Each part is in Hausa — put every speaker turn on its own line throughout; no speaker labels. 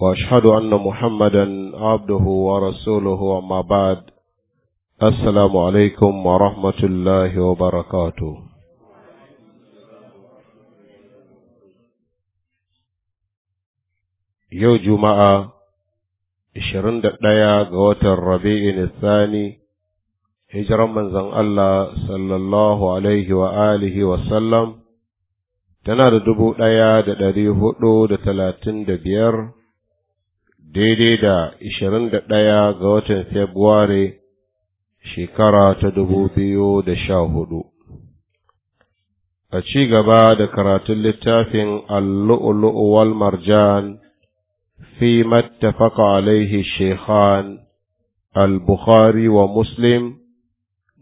واشهد ان محمدا عبده ورسوله وما بعد السلام عليكم ورحمه الله وبركاته yau juma'a 21 ga watan rabi'in Sani, hijiran manzon Allah sallallahu alaihi wa alihi wa sallam tana da dubu ɗaya da ɗari hudu da talatin da biyar daidai da ɗaya ga watan Februari shekara ta dubu biyu da sha hudu. A ci gaba da karatun littafin Allu'ulu'u wal Marjan fi mattafaka alaihi Shekhan al-Bukhari wa Muslim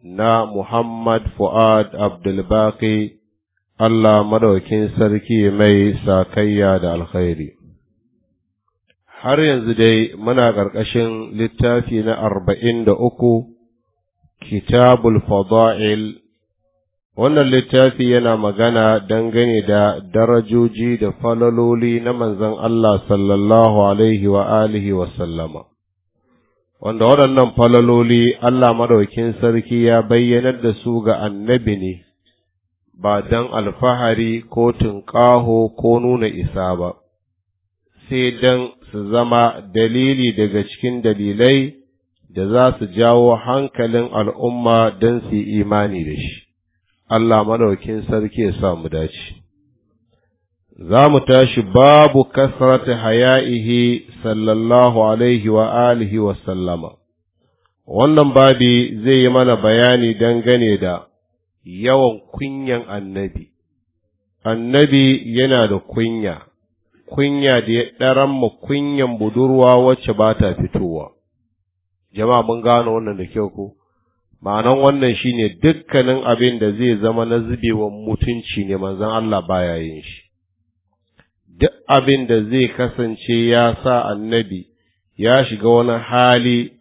na Muhammad Fu'ad Abdulbaki Allah madaukin sarki mai sakayya da alkhairi. har yanzu dai muna ƙarƙashin littafi na arba'in da uku kitabul fada'il wannan littafi yana magana dangane da darajoji da falaloli na manzon Allah sallallahu alaihi wa alihi wa sallama wanda waɗannan falaloli Allah madaukin sarki ya bayyanar da su ga annabi ne ba don alfahari ko tunƙaho ko nuna isa ba sai don su zama dalili daga cikin dalilai da za su jawo hankalin al'umma don su yi imani da shi, Allah maɗaukin sarki ya samu dace. Za mu tashi babu kasarata haya'ihi sallallahu alaihi wa alihi wa sallama. Wannan babi zai yi mana bayani dangane da yawan kunyan annabi. Annabi yana da kunya. kunya da ya ɗaran mu kunyan budurwa wacce ba ta fitowa. Jama'a mun gano wannan da kyau ko? Ma'anan wannan shi ne dukkanin abin da zai zama na zubewa mutunci ne manzan Allah baya yin shi. Duk abin da zai kasance ya sa annabi ya shiga wani hali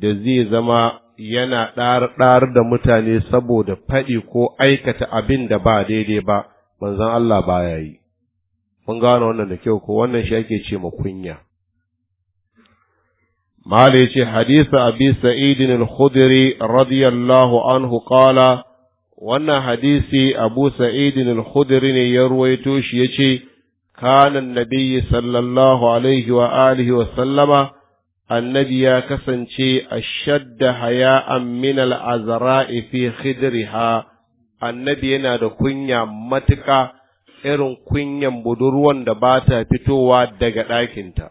da zai zama yana ɗar-ɗar da mutane saboda faɗi ko aikata abin da ba daidai ba, manzon Allah baya yi. mun gane wannan da kyau ko wannan shi ake ce ma kunya mala yace hadisi abi sa'id al-khudri radiyallahu anhu qala wannan hadisi abu sa'id al-khudri ne ya ruwaito shi yace kana annabi sallallahu alaihi wa alihi wa sallama annabi ya kasance a shadda haya'an minal al fi khidriha annabi yana da kunya matuƙa irin kunyan budurwan da ba ta fitowa daga ɗakinta.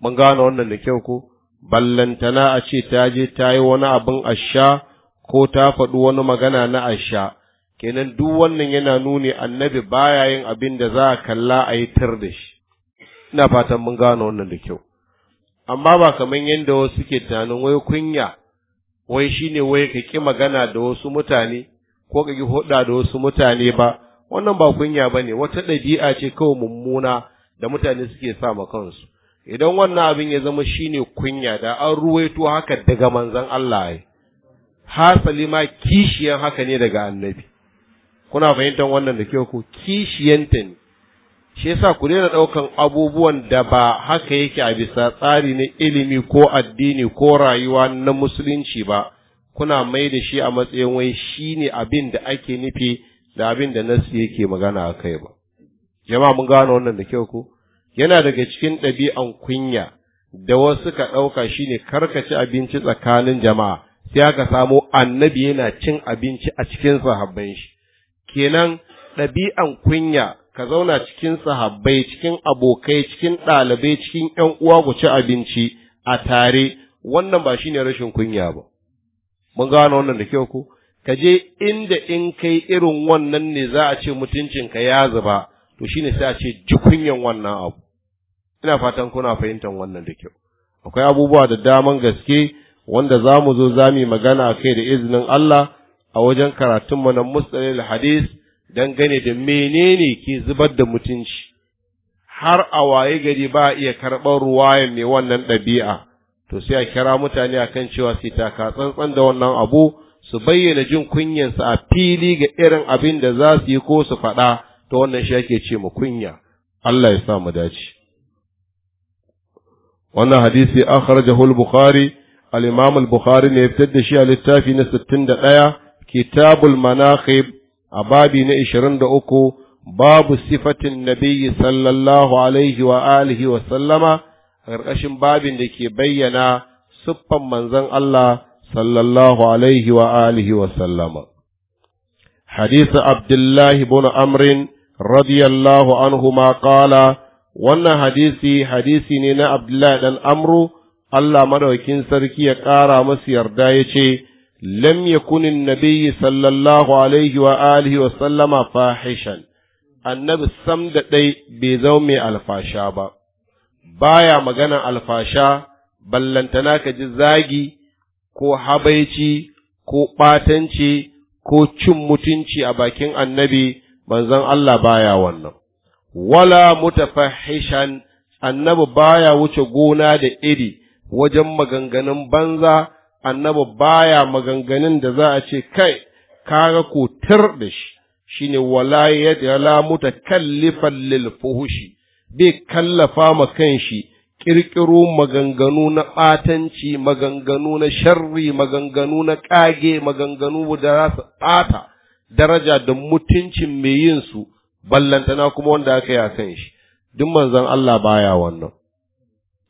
Mun gane wannan da kyau ko? Ballantana a ce ta je ta yi wani abin asha ko ta faɗi wani magana na asha, kenan duk wannan yana nuni annabi baya yin abin da za a kalla a yi tar da shi. Ina fatan mun gane wannan da kyau. Amma ba kamar yadda wasu ke tunanin wai kunya, wai shi ne wai ka ƙi magana da wasu mutane, ko ka ƙi huɗa da wasu mutane ba, wannan ba kunya ba ne wata ɗabi'a ce kawai mummuna da mutane suke sa ma kansu idan wannan abin ya zama shine kunya da an ruwaito haka daga manzon Allah ai hasali ma kishiyan haka ne daga annabi kuna fahimtar wannan da kyau ko kishiyanta ne shi yasa ku daina ɗaukan abubuwan da ba haka yake a bisa tsari na ilimi ko addini ko rayuwa na musulunci ba kuna mai da shi a matsayin wai shine abin da ake nufi da abin da siya yake magana a kai ba Jama mun gano wannan da kyau ko yana daga cikin ɗabi'an kunya da wasu ka ɗauka shi shine karkaci abinci tsakanin jama'a sai aka samo annabi yana cin abinci a cikin sahabban shi kenan ɗabi'an kunya ka zauna cikin sahabbai cikin abokai cikin ɗalibai cikin ƴan uwa ku ci abinci a tare wannan ba shi ne rashin kunya ba mun gano wannan da kyau ko ka je inda in kai irin wannan ne za a ce mutuncinka ya zuba to shine sai a ce jikunyan wannan abu ina fatan kuna fahimtar wannan da kyau akwai abubuwa da daman gaske wanda za mu zo za mu magana a kai da izinin Allah a wajen karatunmu na mustalil hadis gane da menene ke zubar da mutunci har a waye gari ba iya karɓar ruwayan mai wannan ɗabi'a to sai a kira mutane akan cewa sai tsantsan da wannan abu su bayyana jin kunyansu a fili ga irin abin da za su yi ko su faɗa ta wannan shi ake ce mu kunya Allah ya sa mu dace wannan hadisi akhrajahu al-bukhari al-imam al-bukhari ne fitar da shi a littafi na 61 kitabul manaqib a babi na 23 babu sifatin nabiyyi sallallahu alaihi wa alihi wa sallama a ƙarƙashin babin da ke bayyana siffan manzon Allah sallallahu alaihi wa alihi wa sallama hadisi abdullahi bin amrin radiyallahu anhu ma qala wannan hadisi hadisi ne na abdullahi dan amru Allah madaukin sarki ya ƙara masu yarda ya ce, Lam yakunin nabiyyi sallallahu alaihi wa alihi wa sallama fahishan, annabi sam da ɗai bai zo mai alfasha ba, baya maganan alfasha, ballantana ka ji zagi, ko habaici ko ɓatanci ko cin mutunci a bakin annabi manzon Allah baya wannan wala mutafahishan annabi baya wuce gona da iri wajen maganganun banza annabi baya maganganun da za a ce kai kaga ko tir da shi shine wala yadala mutakallifan lil fuhushi bai kallafa ma kanshi ƙirƙiro maganganu na ɓatanci maganganu na sharri maganganu na ƙage maganganu da za su ɓata daraja da mutuncin mai yin su ballantana kuma wanda aka yi a kan shi duk manzon Allah baya wannan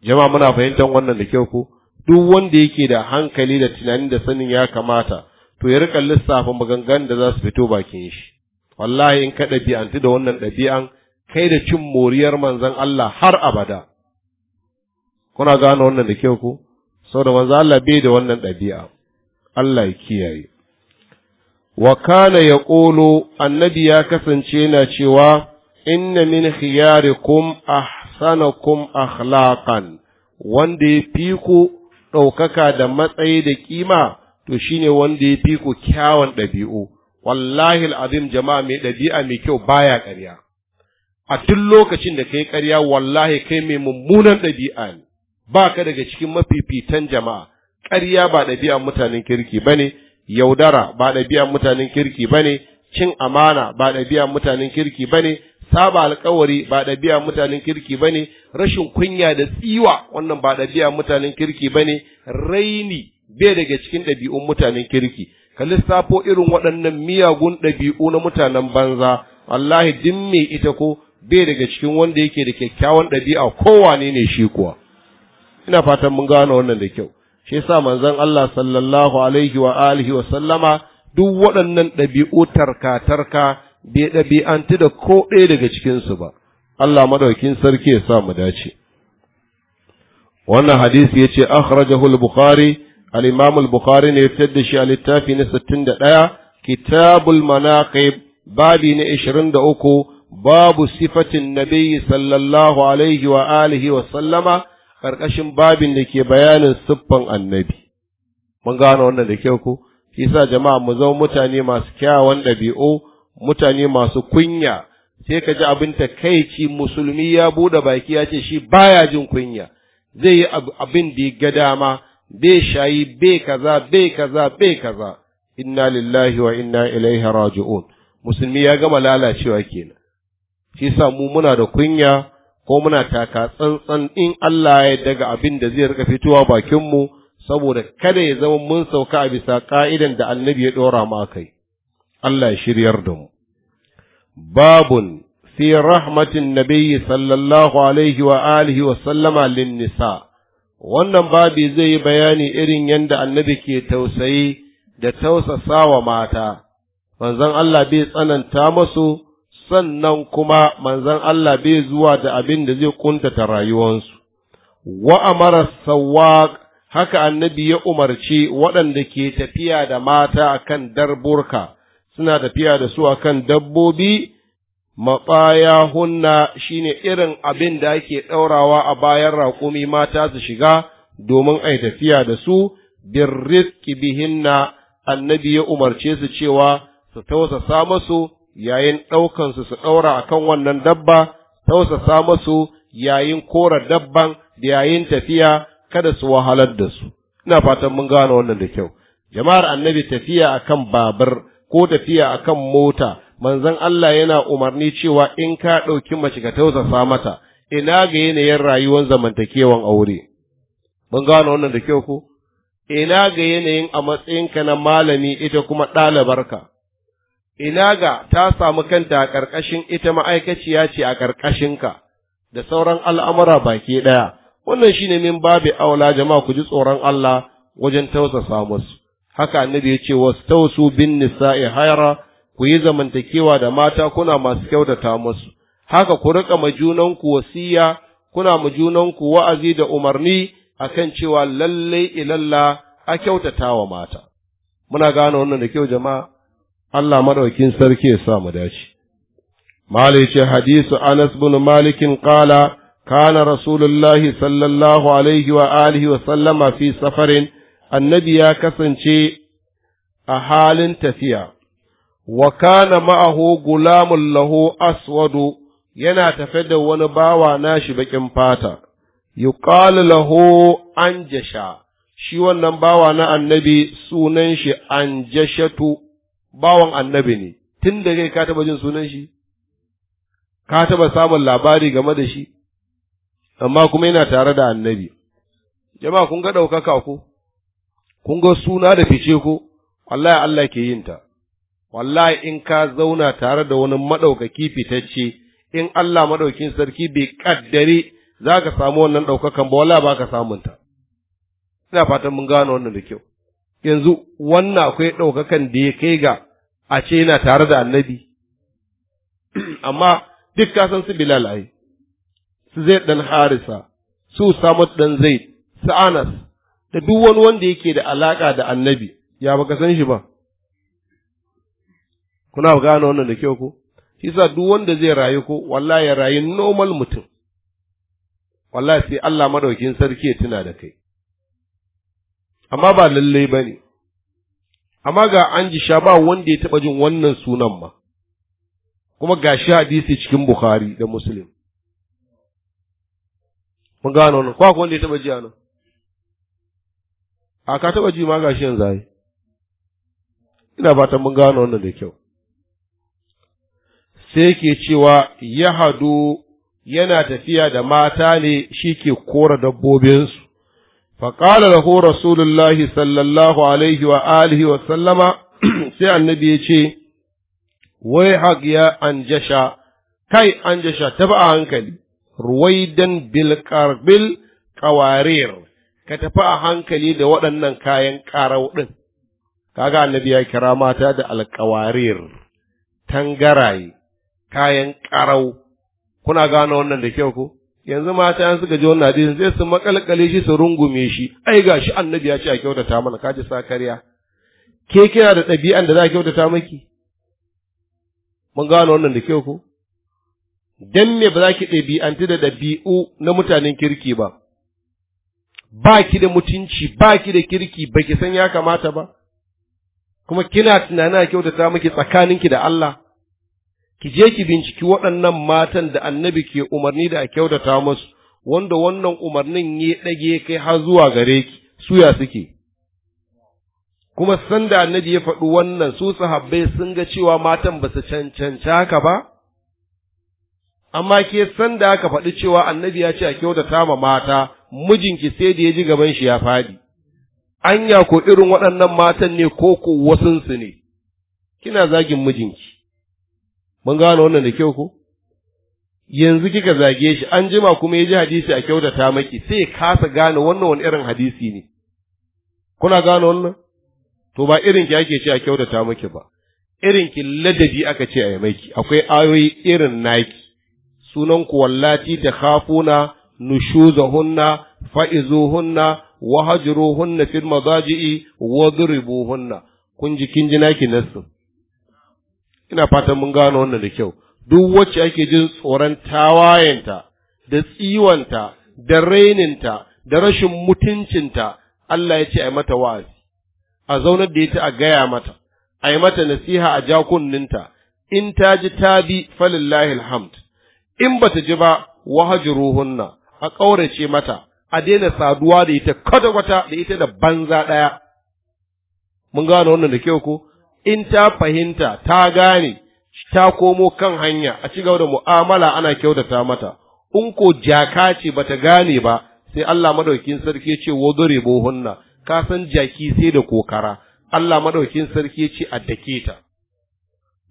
jama'a muna fahimtar wannan da kyau ko duk wanda yake da hankali da tunani da sanin ya kamata to ya rika lissafa maganganun da za su fito bakin shi wallahi in ka ɗabi'antu da wannan ɗabi'an kai da cin moriyar manzon Allah har abada kuna gano wannan da kyau ko saboda manzo Allah bai da wannan ɗabi'a Allah ya kiyaye wa kana ƙolo annabi ya kasance yana cewa inna min khiyarikum ahsanakum akhlaqan wanda ya fi ku ɗaukaka da matsayi da kima to shine wanda ya fi ku kyawun ɗabi'u wallahi al'azim jama'a mai ɗabi'a mai kyau baya ƙarya a tun lokacin da kai ƙarya wallahi kai mai mummunan ɗabi'a ne ba ka daga cikin mafifitan jama'a ƙarya ba ɗabi'an mutanen kirki ba ne yaudara ba ɗabi'an mutanen kirki ba ne cin amana ba ɗabi'an mutanen kirki ba ne saba alkawari ba ɗabi'an mutanen kirki ba ne rashin kunya da tsiwa wannan ba ɗabi'an mutanen kirki ba ne raini bai daga cikin ɗabi'un mutanen kirki ka lissafo irin waɗannan miyagun ɗabi'u na mutanen banza wallahi din ita ko bai daga cikin wanda yake da kyakkyawan ɗabi'a kowane ne shi kuwa ina fatan mun gano wannan da kyau shi yasa manzon Allah sallallahu alaihi wa alihi wa sallama duk waɗannan ɗabi'u tarka tarka bai ɗabi'antu da ko ɗaya daga cikin su ba Allah madaukin sarki ya sa mu dace wannan hadisi yace akhrajahu al-bukhari al-imam al-bukhari ne ya da shi a littafi na 61 kitabul manaqib babi na 23 babu sifatin nabiyyi sallallahu alaihi wa alihi wa sallama ƙarƙashin babin da ke bayanin siffan annabi mun gane wannan da kyau ko shi sa jama'a mu zama mutane masu kyawawan ɗabi'u mutane masu kunya sai ka ji abin ci musulmi ya buɗe baki ya ce shi baya jin kunya zai yi abin da ya ga dama bai shayi bai kaza bai kaza bai kaza inna lillahi wa inna ilaihi raji'un musulmi ya gama lalacewa kenan shi sa mu muna da kunya ko muna taka tsantsan in Allah ya daga abin da zai rika fitowa bakinmu saboda kada ya zama mun sauka a bisa ka'idan da annabi ya ɗora mu akai Allah ya shiryar da mu babun fi rahmatin nabiyyi sallallahu alaihi wa alihi wa sallama lin nisa wannan babu zai yi bayani irin yadda annabi ke tausayi da tausasa wa mata manzon Allah bai tsananta masu. sannan kuma manzon Allah bai zuwa da abin da zai kuntata rayuwansu wa amara sawaq haka annabi ya umarci waɗanda ke tafiya da mata akan darburka suna tafiya da su akan dabbobi matsaya hunna shine irin abin da ake ɗaurawa a bayan raƙumi mata su shiga domin a tafiya da su birriski bihinna annabi ya umarce su cewa su tausasa masu yayin ɗaukansu su ɗaura akan wannan dabba tausasa masu yayin kora dabban da yayin tafiya kada su wahalar da su ina fatan mun gane wannan da kyau jama'ar annabi tafiya akan babur ko tafiya akan mota manzon Allah yana umarni cewa in ka ɗauki mace ka tausasa mata ina ga yanayin rayuwar zamantakewan aure mun gane wannan da kyau ko ina ga yanayin a matsayinka na malami ita kuma ɗalibarka ina ga ta samu kanta a ƙarƙashin ita ma'aikaciya ce a ƙarƙashinka da sauran al'amura baki ɗaya, wannan shi ne min babu aula jama'a ku ji tsoron Allah wajen tausasa musu. Haka annabi ya ce, wasu tausu bin nisa'i haira ku yi zamantakewa da mata kuna masu kyautata musu. Haka ku riƙa ma junanku wasiya, kuna ma junanku wa'azi da umarni a kan cewa lallai ilalla a kyautata wa mata. Muna gane wannan da kyau jama'a. Allah maɗaukin sarki ya sa mu dace. Malik hadisu Anas bin Malikin kala kana Rasulullahi sallallahu alaihi wa alihi wa sallama fi safarin annabi ya kasance a halin tafiya. Wa kana ma'ahu gulamun lahu aswadu yana tafe da wani bawa nashi baƙin fata, yuqalu lahu anjasha, shi wannan bawa na annabi sunan shi anjashatu bawan annabi ne tun da kai ka taba jin sunan shi ka taba samun labari game da shi amma kuma yana tare da annabi jama'a kun ga ɗaukaka ko kun ga suna da fice ko wallahi Allah ke yin ta wallahi in ka zauna tare da wani maɗaukaki fitacce in Allah maɗaukin sarki bai kaddare za ka samu wannan ɗaukakan ba wallahi ba ka samun ta ina fatan mun gano wannan da kyau yanzu wannan akwai ɗaukakan da ya kai ga a ce yana tare da annabi amma duk kasan su bilal ai su zai dan harisa su samu dan zaid su anas da duk wani wanda yake da alaka da annabi ya baka san shi ba kuna gane wannan da kyau ko yasa duk wanda zai rayu ko wallahi ya rayu normal mutum wallahi sai Allah madaukin sarki ya tuna da kai amma ba lallai bane amma ga an sha ba wanda ya taɓa jin wannan sunan ma kuma ga shi hadisi cikin bukhari da muslim mun gano nan kwa wanda ya taɓa ji a nan a ka taɓa ji ma ga shi yanzu ai ina fatan mun gano wannan da kyau sai ke cewa ya yana tafiya da mata ne shi ke kora dabbobinsu faƙala lahu rasulullahi sallallahu alaihi wa wa sallama sai annabi ya ce wai haƙ ya anjasha kai anjasha tafi a hankali ruwaidan bilkarbil kawarir ka tafi a hankali da waɗannan kayan ƙarau ɗin kaga annabi ya kira mata da alkawarir tangaraye kayan ƙarau kuna gane wannan da kyau ko yanzu mata an suka ji wannan hadisin sai su makalkale shi su rungume shi ai gashi annabi ya ce a kyautata mana kaji sa karya ke kina da ɗabi'an da za a kyautata miki mun gano wannan da kyau ko dan me ba za ki ɗabi'anti da ɗabi'u na mutanen kirki ba ba ki da mutunci ba ki da kirki ba ki san ya kamata ba kuma kina tunani a kyautata miki tsakaninki da Allah ki je ki binciki waɗannan matan da annabi ke umarni da a kyautata musu wanda wannan umarnin ya ɗage kai har zuwa gare ki suya suke kuma sanda annabi ya faɗi wannan su sahabbai sun ga cewa matan ba su cancanci haka ba amma ke sanda aka faɗi cewa annabi ya ce a kyautata ma mata mijinki sai da ya ji gaban shi ya faɗi anya ko irin waɗannan matan ne ko ko wasunsu ne kina zagin mijinki mun gano wannan da kyau ko yanzu kika zage shi an jima kuma ya ji hadisi a kyautata maki sai ya kasa gane wannan wani irin hadisi ne kuna gano wannan to ba irin ki ake ce a kyautata maki ba irin ki ladabi aka ce a yi maki akwai ayoyi irin naki sunan ku wallati da khafuna nushuzahunna fa'izuhunna wahajruhunna fil madaji'i wadribuhunna kun ji kin ji naki nasu ina fatan mun gano wannan da kyau duk wacce ake jin tsoron tawayenta da tsiwanta da raininta da rashin mutuncinta Allah ya ce a mata wa'azi a zaunar da ita a gaya mata ai mata nasiha a jakunninta in ta ji ta bi falillahi alhamd in bata ji ba wahajruhunna a ƙaurace mata a daina saduwa da ita kwata-kwata da ita da banza ɗaya mun gano wannan da kyau ko in ta fahimta ta gane ta komo kan hanya a ci gaba da mu'amala ana kyautata mata in ko jaka ce ba ta gane ba sai Allah madaukin sarki ya ce wadribu bohunna ka san jaki sai da kokara Allah madaukin sarki ya ce addake ta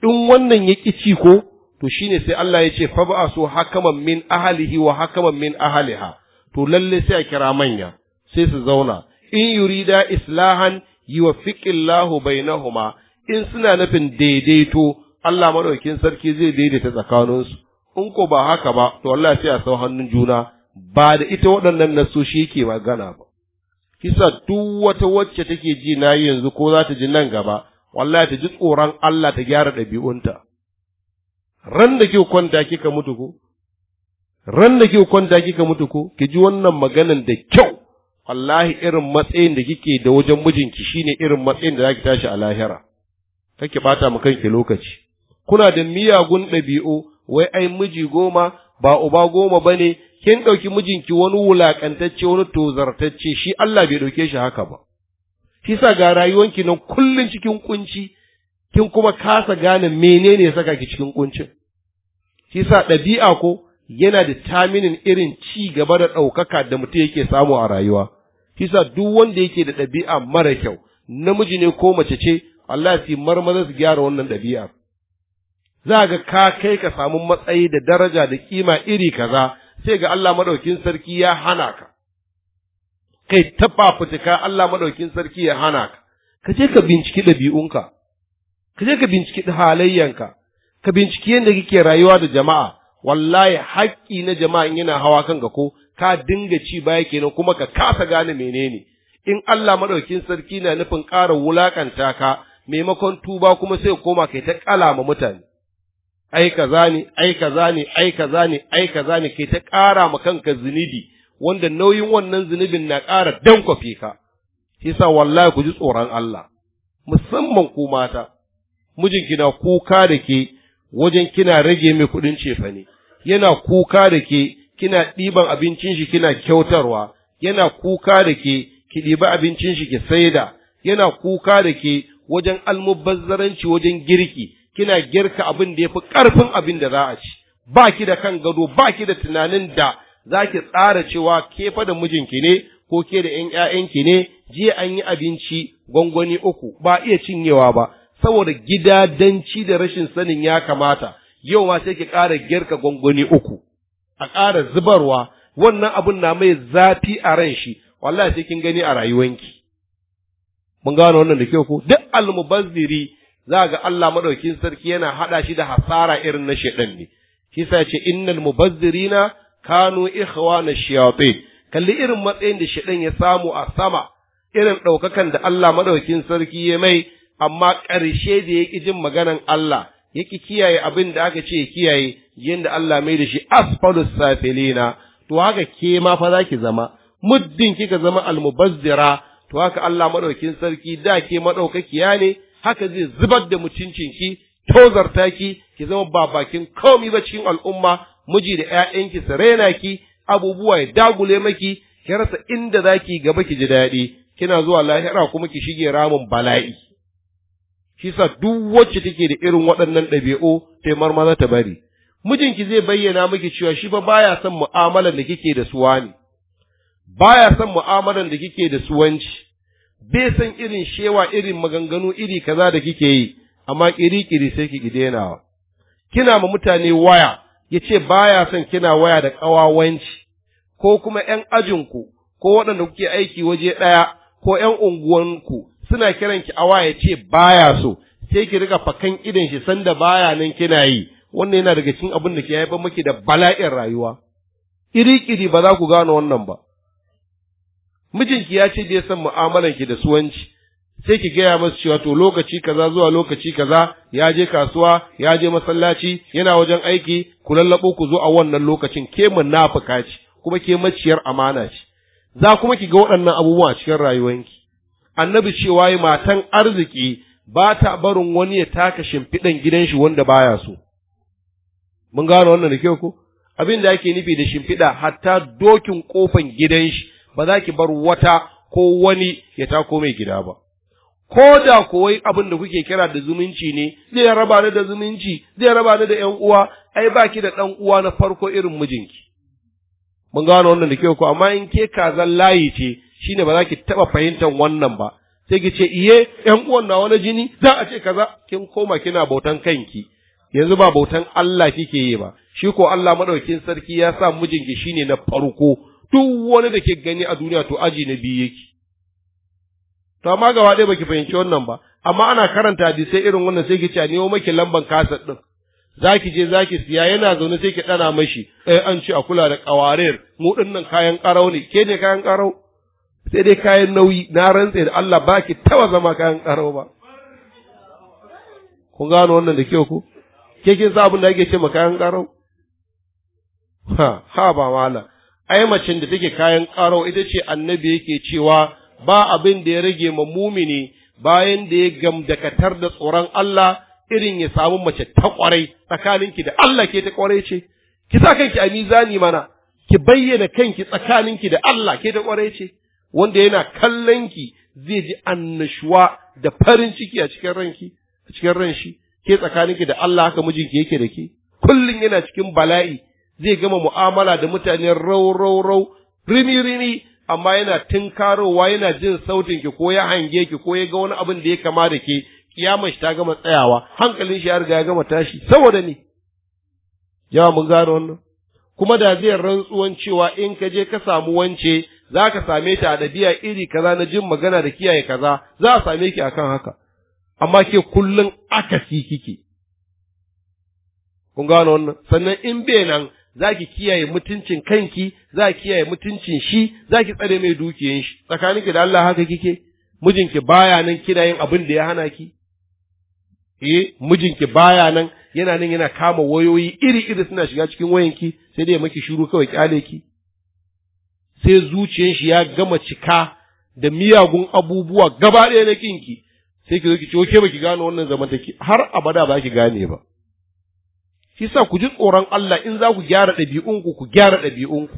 in wannan ya ci ko to shine sai Allah ya ce fa ba'asu hakaman min ahlihi wa hakaman min ahliha to lalle sai a kira manya sai su zauna in yurida islahan yuwaffiqillahu bainahuma in suna nufin daidaito Allah maɗaukin sarki zai daidaita tsakaninsu in ko ba haka ba to Allah sai a sau hannun juna ba da ita waɗannan nasoshi yake magana ba kisa duk wata wacce take ji na yanzu ko za ta ji nan gaba wallahi ta ji tsoron Allah ta gyara ɗabi'unta ran da kika kwanta kika mutu ko ran da kika kwanta kika mutu ko ki ji wannan maganan da kyau wallahi irin matsayin da kike da wajen mijinki shine irin matsayin da zaki tashi a lahira kake bata mu kanki lokaci kuna da miyagun ɗabi'u wai ai miji goma ba uba goma bane kin ɗauki mijinki wani wulakantacce wani tozartacce shi Allah bai ɗauke shi haka ba shi sa ga rayuwanki na kullum cikin kunci kin kuma kasa gane menene ya saka ki cikin kuncin shi sa ɗabi'a ko yana da taminin irin ci gaba da ɗaukaka da mutum yake samu a rayuwa shi sa duk wanda yake da ɗabi'a mara kyau namiji ne ko mace ce Allah fi marmaza su gyara wannan ɗabi'a za ga ka kai ka samu matsayi da daraja da kima iri kaza sai ga Allah madaukin sarki ya hana ka kai taɓa fitika Allah madaukin sarki ya hana ka ka je ka binciki ɗabi'unka ka je ka binciki halayyanka ka binciki yadda kike rayuwa da jama'a wallahi haƙƙi na jama'a in yana hawa kanka ko ka dinga ci baya kenan kuma ka kasa gane menene in Allah maɗaukin sarki na nufin ƙara wulakanta ka maimakon tuba kuma sai koma kai ta kalama mutane ai ka zani, ai ka zani, ai ka zani, ai ka zani, kai ta ƙara ma kanka zunubi wanda nauyin wannan zunubin na ƙara dankwafe ka yasa wallahi ku ji tsoron Allah musamman ku mata mijinki na kuka da ke wajen kina rage mai kuɗin cefane yana kuka da ke kina ɗiban abincin shi kina kyautarwa yana kuka da ke ki ɗiba abincin shi ki saida yana kuka da ke wajen almubazzaranci wajen girki kina girka abin da ya fi karfin abin da za a ci ba ki da kan gado ba ki da tunanin da za ki tsara cewa ke fa da mijinki ne ko ke da 'yan 'ya'yanki ne jiya an yi abinci gwangwani uku ba iya cinyewa ba saboda gidadanci da rashin sanin ya kamata yau ma sai ki ƙara girka gwangwani uku a ƙara zubarwa wannan abun na mai zafi a ran shi wallahi sai kin gani a rayuwanki mun gano wannan da kyau ko duk almubazziri za ga Allah madaukin sarki yana hada shi da hasara irin na shedan ne shi sa ya ce innal mubazzirina kanu ikhwana shayatin kalli irin matsayin da shedan ya samu a sama irin ɗaukakan da Allah madaukin sarki ya mai amma karshe da ya jin maganan Allah ya kiyaye abin da aka ce kiyaye yadda Allah mai da shi asfalus safilina to haka ke ma fa zaki zama muddin kika zama almubazzira to haka Allah maɗaukin sarki da ke maɗaukakiya ne haka zai zubar da mutuncinki tozarta ki ki zama ba bakin ba cikin al'umma miji da ƴaƴanki su raina ki abubuwa ya dagule maki ki rasa inda zaki gaba ki ji daɗi kina zuwa lahira kuma ki shige ramin bala'i kisa sa duk wacce take da irin waɗannan ɗabi'u sai marmaza ta bari mijinki zai bayyana miki cewa shi fa baya son mu'amalar da kike da su wani. baya son mu'amalan da kike da suwanci bai san irin shewa irin maganganu iri kaza da kike yi amma kiri-kiri sai ki dainawa kina ma mutane waya yace baya son kina waya da kawawanci ko kuma ‘yan ajinku ko waɗanda kuke aiki waje ɗaya ko ‘yan unguwanku suna kiran ki a waya ce baya so sai ki riga fakan idan shi sanda baya nan kina yi wannan yana daga cikin abin da ke haifar miki da bala'in rayuwa iri-kiri ba za ku gano wannan ba mijinki ya ce da ya san mu'amalan ki da suwanci sai ki gaya masa cewa to lokaci kaza zuwa lokaci kaza ya je kasuwa ya je masallaci yana wajen aiki ku lallabo ku zo a wannan lokacin ke munafuka ce kuma ke maciyar amana ce za kuma ki ga waɗannan abubuwa a cikin rayuwanki annabi cewa yi matan arziki ba ta barin wani ya taka shimfiɗan gidan shi wanda baya so mun gano wannan da kyau ko abin da ake nufi da shimfiɗa hatta dokin kofan gidan shi ba za ki bar wata ko wani ya tako mai gida ba ko da kuwa abin da kuke kira da zumunci ne zai raba ni da zumunci zai raba ni da 'yan uwa ai ba ki da ɗan uwa na farko irin mijinki mun gano wannan da kyau ko amma in ke kazan layi ce shine ba za ki taɓa fahimtar wannan ba sai ki ce iye ƴan uwan na wani jini za a ce kaza kin koma kina bautan kanki yanzu ba bautan Allah kike yi ba shi ko Allah madaukin sarki ya sa mijinki shine na farko duk wani da ke gani a duniya to aji na biyu yake to amma gaba ɗaya baki fahimci wannan ba amma ana karanta hadisai irin wannan sai ki ce a nemo maki lamban kasar Za ki je za ki siya yana zaune sai ki ɗana mashi Ɗaya eh, an ce a kula da kawarir mu dinnan kayan ƙarau ne ke ne kayan ƙarau? sai dai kayan nauyi na rantse da Allah ba ki taɓa zama kayan ƙarau ba kun gano wannan da kyau ko ke kin sa abin da ake ce ma kayan ƙarau? ha ha ba mala ai macen da take kayan karo ita ce annabi yake cewa ba abin da ya rage ma mumini bayan da ya gamdakatar da tsoron Allah irin ya samu mace ta kwarai tsakaninki da Allah ke ta kwarai ce ki sa kanki a mizani mana ki bayyana kanki tsakaninki da Allah ke ta kwarai ce wanda yana kallonki zai ji annashuwa da farin ciki a cikin ranki a cikin ran shi ke tsakaninki da Allah haka mijinki yake da ke kullun yana cikin bala'i zai gama mu'amala da mutane rau rau rau rini rini amma yana tunkarowa yana jin sautin ki ko ya hange ki ko ya ga wani abin da ya kama da ke kiyama shi ta gama tsayawa hankalin shi ya riga ya gama tashi saboda ni yawa mun gano wannan kuma da zai rantsuwan cewa in ka je ka samu wance za ka same ta a ɗabi'a iri kaza na jin magana da kiyaye kaza za a same ki akan haka amma ke kullum fi kike kun gano wannan sannan in bai nan za ki kiyaye mutuncin kanki za ki kiyaye mutuncin shi za ki tsare mai dukiyan shi tsakaninki da Allah haka kike mijinki baya nan kina yin abin da ya hana ki eh mijinki baya nan yana nan yana kama wayoyi iri iri suna shiga cikin wayanki sai dai maki shiru kawai kyale ki sai zuciyan shi ya gama cika da miyagun abubuwa gaba ɗaya na kinki sai ki zo ki ce ke baki gano wannan zamantaki har abada ba ki gane ba shi sa ku ji tsoron Allah in za ku gyara ɗabi'unku ku gyara ɗabi'unku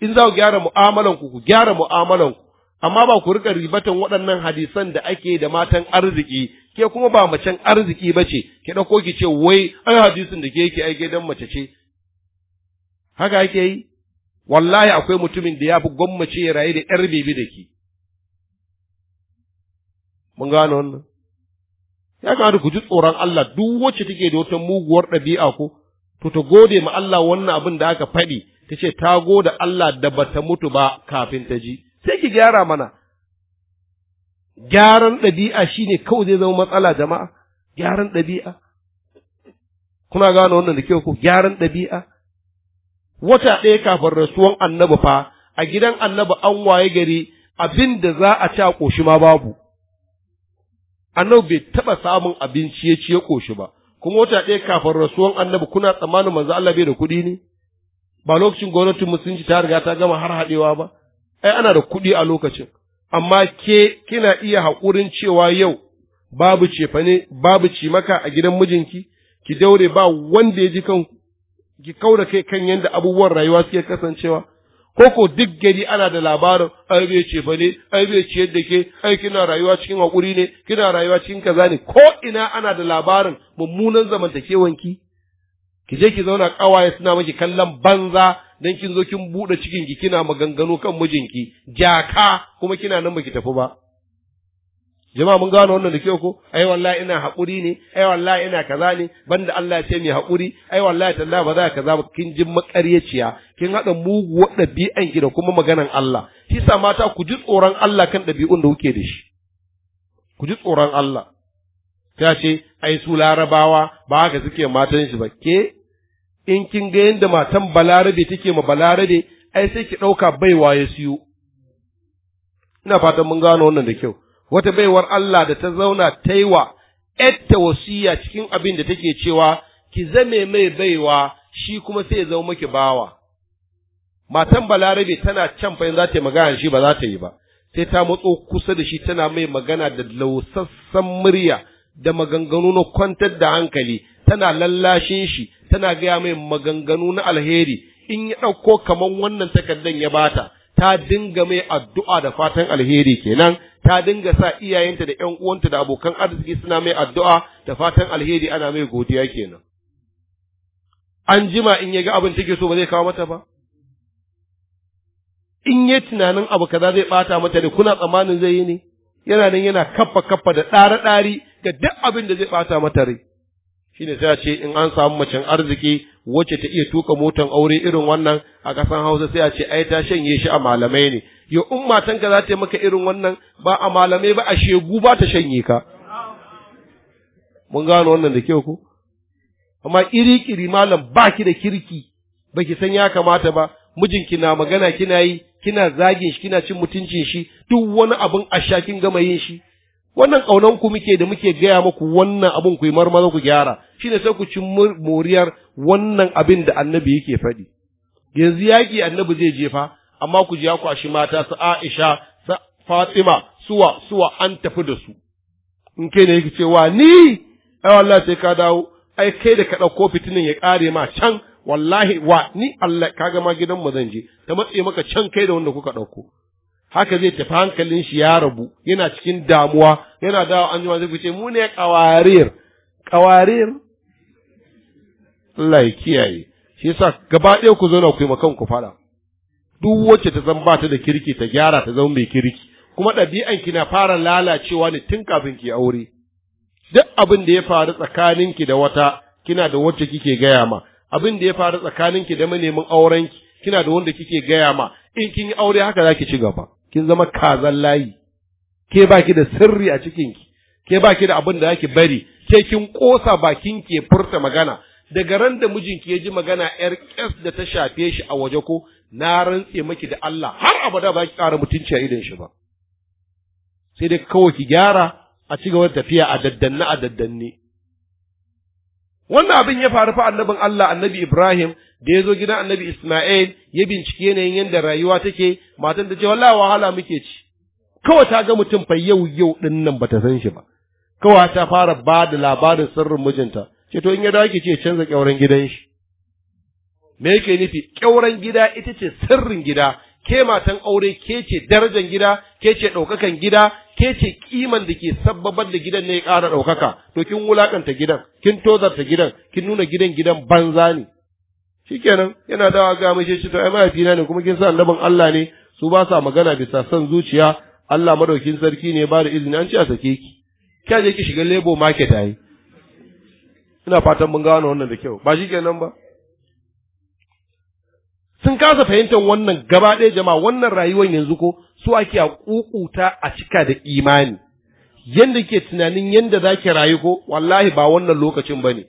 in za ku gyara mu'amalanku ku gyara mu'amalanku amma ba ku rika ribatan waɗannan hadisan da ake da matan arziki ke kuma ba macen arziki ba ce ke ɗauko ki ce wai ai hadisin da ke yake ai don mace ce haka ake yi wallahi akwai mutumin da ya fi gwammace ya rayu da ƴar bibi da ke mun gano wannan ya kamata ku ji tsoron Allah duk wacce take da wata muguwar ɗabi'a ko to ta gode ma Allah wannan abin da aka faɗi ta ce ta gode Allah da bata mutu ba kafin ta ji sai ki gyara mana gyaran ɗabi'a shine kawai zai zama matsala jama'a gyaran ɗabi'a kuna gane wannan da kyau ko gyaran ɗabi'a wata ɗaya kafin rasuwan annabi fa a gidan annabi an waye gari abin da za a ci a ƙoshi ma babu annabi bai taɓa samun abinci ya ci ya ƙoshi ba kuma wata ɗaya kafin rasuwan annabi kuna tsammanin manzo Allah bai da kuɗi ne ba lokacin gwamnatin musulunci ta riga ta gama har haɗewa ba ai ana da kuɗi a lokacin amma ke kina iya haƙurin cewa yau babu cefane babu cimaka a gidan mijinki ki daure ba wanda ya ji kan ki kaura kai kan yadda abubuwan rayuwa suke kasancewa ko ko duk gari ana da labarin ai bai ce fa ne ai bai ce yadda ke ai kina rayuwa cikin hakuri ne kina rayuwa cikin kaza ne ko ina ana da labarin mummunan zamantakewanki ki je ki zauna kawaye suna miki kallon banza dan kin zo kin bude cikin ki kina maganganu kan mijinki jaka kuma kina nan baki tafi ba jama'a mun gano wannan da kyau ko ai wallahi ina haƙuri ne ai wallahi ina kaza ne banda Allah ya ce mai haƙuri ai wallahi talla ba za ka kaza ba kin jin makaryaciya kin hada muguwar ɗabi'an ki da kuma maganan Allah shi sa mata ku ji tsoron Allah kan ɗabi'un da kuke da shi ku ji tsoron Allah ta ce ai su larabawa ba haka suke matan shi ba ke in kin ga yadda matan balarabe take ma balarabe ai sai ki ɗauka baiwa ya siyo ina fatan mun gano wannan da kyau wata baiwar Allah da ta zauna ta yi wa ‘yarta wasiya cikin abin da take cewa ki zame mai baiwa shi kuma sai ya zama maki bawa. Matan Balarabe tana can fa za ta yi magana shi ba za ta yi ba, sai ta matso kusa da shi tana mai magana da lausassan murya da maganganu na kwantar da hankali, tana lallashin shi, tana gaya mai maganganu na alheri, in ya ɗauko kamar wannan takardan ya bata, ta dinga mai addu'a da fatan alheri kenan ta dinga sa iyayenta da ƴan uwanta da abokan arziki suna mai addu'a da fatan alheri ana mai godiya kenan an jima in ya ga abin take so ba zai kawo mata ba in yi tunanin abu kaza zai bata mata ne kuna tsammanin zai yi ne yana nan yana kaffa kaffa da ɗare ɗari ga duk abin da zai bata mata rai shine sai a ce in an samu macen arziki wacce ta iya tuka motan aure irin wannan a kasan hausa sai a ce ai ta shanye shi a malamai ne yo in matanka za ta yi maka irin wannan ba a malamai ba a shegu ba ta shanye ka mun gano wannan da kyau ko amma iri kiri malam ba ki da kirki baki san ya kamata ba mijinki na magana kina yi kina zagin shi kina cin mutuncin shi duk wani abin ashakin kin gama yin shi wannan ƙaunan ku muke da muke gaya muku wannan abin ku yi marmaza ku gyara shine sai ku ci moriyar wannan abin da annabi yake faɗi yanzu yaƙi annabi zai jefa amma ku jiya ku ashi mata su Aisha su Fatima suwa suwa an tafi da su in kai ne yake cewa ni ai wallahi sai ka dawo ai kai da ka ɗauko fitinin ya kare ma can wallahi wa ni Allah kaga ma gidan mu zan je ta matse maka can kai da wanda kuka ɗauko haka zai tafi hankalin shi ya rabu yana cikin damuwa yana dawo an jima zai fice mu ne kawarir kawarir Allah ya kiyaye shi yasa gaba ɗaya ku na ku yi makan ku fada duk wacce ta zan bata da kirki ta gyara ta zama mai kirki kuma ɗabi'an ki na fara lalacewa ne tun kafin ki aure duk abin da ya faru tsakaninki da wata kina da wacce kike gaya ma abin da ya faru tsakaninki da manemin aurenki kina da wanda kike gaya ma in kin yi aure haka zaki ci gaba kin zama kazan layi ke baki da sirri a cikinki ke baki da abin da zaki bari ke kin kosa bakin ke furta magana daga ran da mijinki ya ji magana yar kes da ta shafe shi a waje ko na rantse miki da Allah har abada ba ki ƙara mutunci a idon shi ba sai dai kawai ki gyara a ci gaba tafiya a daddanne a daddanne wannan abin ya faru fa annabin Allah annabi Ibrahim da ya zo gidan annabi Ismail ya bincike yanayin yadda rayuwa take matan ta ce wallahi wahala muke ci kawai ta ga mutum fa yau yau din nan bata san shi ba kawai ta fara ba da labarin sirrin mijinta ce to in ya dawo ce canza kyauren gidan shi me yake nufi kyauren gida ita ce sirrin gida ke matan aure ke ce darajar gida ke ce ɗaukakan gida ke ce kiman da ke sabbabar da gidan ne ya kara ɗaukaka to kin wulakanta gidan kin tozarta gidan kin nuna gidan gidan banza ne shikenan yana dawa ga mace ce to ai mahaifina ne kuma kin san annabin Allah ne su ba sa magana bisa san zuciya Allah madaukin sarki ne ba da izini an ce a sake ki kya je ki shiga lebo market ai ina fatan mun gano wannan da kyau ba shikenan ba sun kasa fahimtar wannan gaba ɗaya jama'a wannan rayuwar yanzu ko su ake a kukuta a cika da imani yanda ke tunanin yanda zaki rayu ko wallahi ba wannan lokacin bane